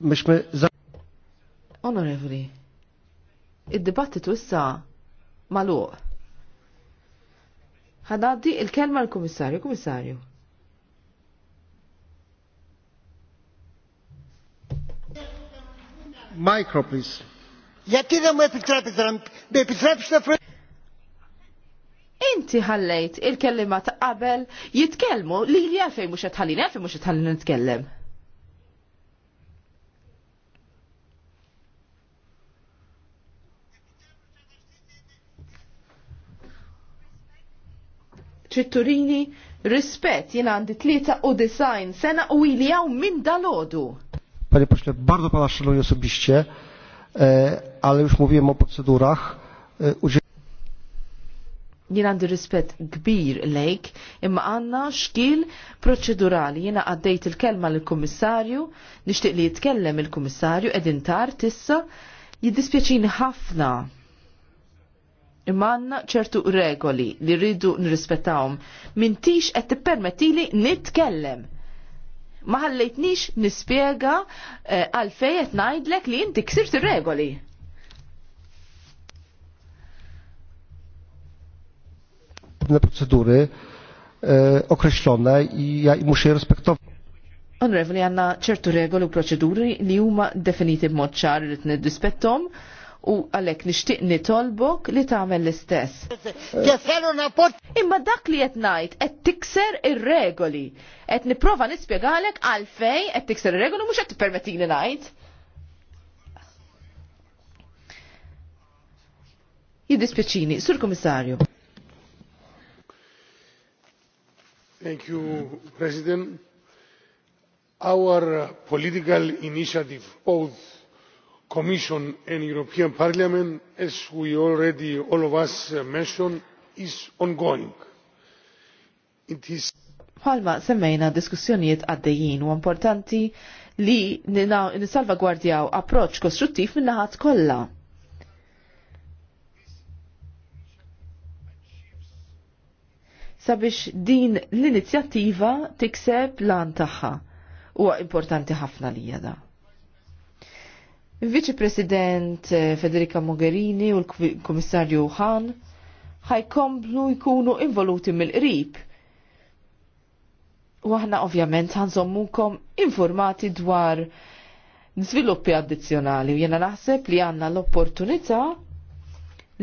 myśmy... Za... Onorevoli, id-dibattitu issa malu. Ħanaddi il-kelma l-Kummissarju, Kummissarju. Micro, please. Γιατί δεν μου επιτρέπετε να με επιτρέψετε Inti ħallejt il-kellima ta' qabel jitkellmu li li għalfej mux qed għalfej mux mhux nitkellem. ċitturini rispet, jena għandi tlieta u design sena u ili għaw minn dalodu. Panie pośle, bardzo pana szanuję osobiście, e, ale już mówiłem o procedurach. E, jien għandi rispett kbir lejk, imma għanna xkil proċedurali. Jiena għaddejt il-kelma l-Kummissarju, nixtieq li jitkellem il-Kummissarju qegħdin tard issa, jiddispjaċini ħafna. Imma għandna ċertu regoli li rridu nirrispettawhom. Mintix qed tippermettili nitkellem. Ma ħallejtnix nispjega eh, għalfejn qed ngħidlek li inti ksirt ir-regoli. pewne procedury e, określone i ja muszę je respektować. Onorevoli, għanna ċertu regoli u proċeduri li huma definiti b'mod ċar li t nedispettom u għalek nishtiq nitolbok li tagħmel l-istess. Imma dak li qed ngħid qed tikser ir-regoli. Qed nipprova nispjegalek għalfejn qed tikser ir-regoli mhux qed tippermettini ngħid. Jiddispjaċini, Sur Komissarju. Thank President. Our political initiative, both Commission and European Parliament, as we already, all of us uh, mentioned, is ongoing. Palma semmejna diskussjonijiet għaddejjin u importanti li nisalvagwardjaw approċ kostruttiv minnaħat kollha sabiex din l-inizjattiva tikseb lan tagħha. Huwa importanti ħafna li jada. Viċi President eh, Federica Mogherini u l-Kummissarju Han ħajkomplu jkunu involuti mill-qrib. U aħna ovvjament ħanżommukom informati dwar sviluppi addizzjonali u jena naħseb li għanna l-opportunità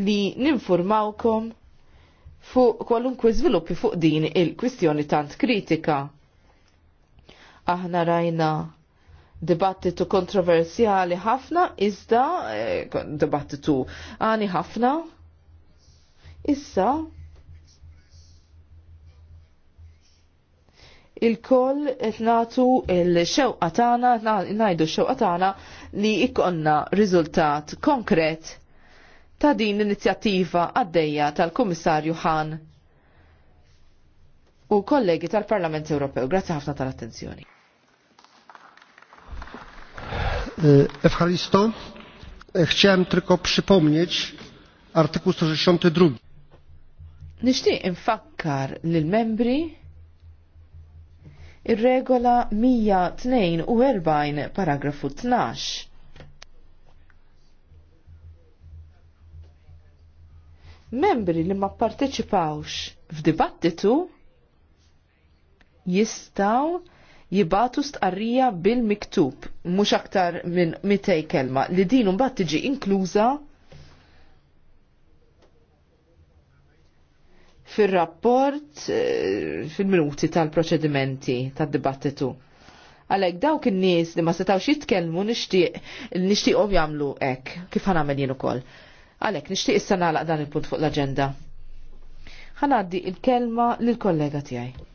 li ninformawkom fuq kwalunkwe żviluppi fuq din il-kwistjoni tant kritika. Aħna rajna dibattitu kontroversjali ħafna, iżda eh, dibattitu għani ħafna. Issa, il-koll etnatu il-xewqa tagħna ngħidu x-xewqa tagħna li ikonna riżultat konkret ta' din l-inizjattiva għaddejja tal-Kummissarju Han u kollegi tal-Parlament Ewropew. Grazzi ħafna tal-attenzjoni. Efħalisto, eh, eh, chciałem tylko przypomnieć artykuł 162. Nixtieq infakkar lil membri ir-regola 142 paragrafu 12 membri li ma parteċipawx f'dibattitu jistaw jibatu stqarrija bil-miktub, mhux aktar minn 200 kelma, li din mbagħad tiġi inkluża fir-rapport eh, fil-minuti tal-proċedimenti tad-dibattitu. Għalhekk dawk in-nies li ma setgħux jitkellmu nixtieq nixtieqhom jagħmlu hekk kif ħanamel jien ukoll. Għalek, nishtiq issa nagħlaq dan il-punt fuq l-agenda. Ħanaddi il-kelma lill kollega tiegħi.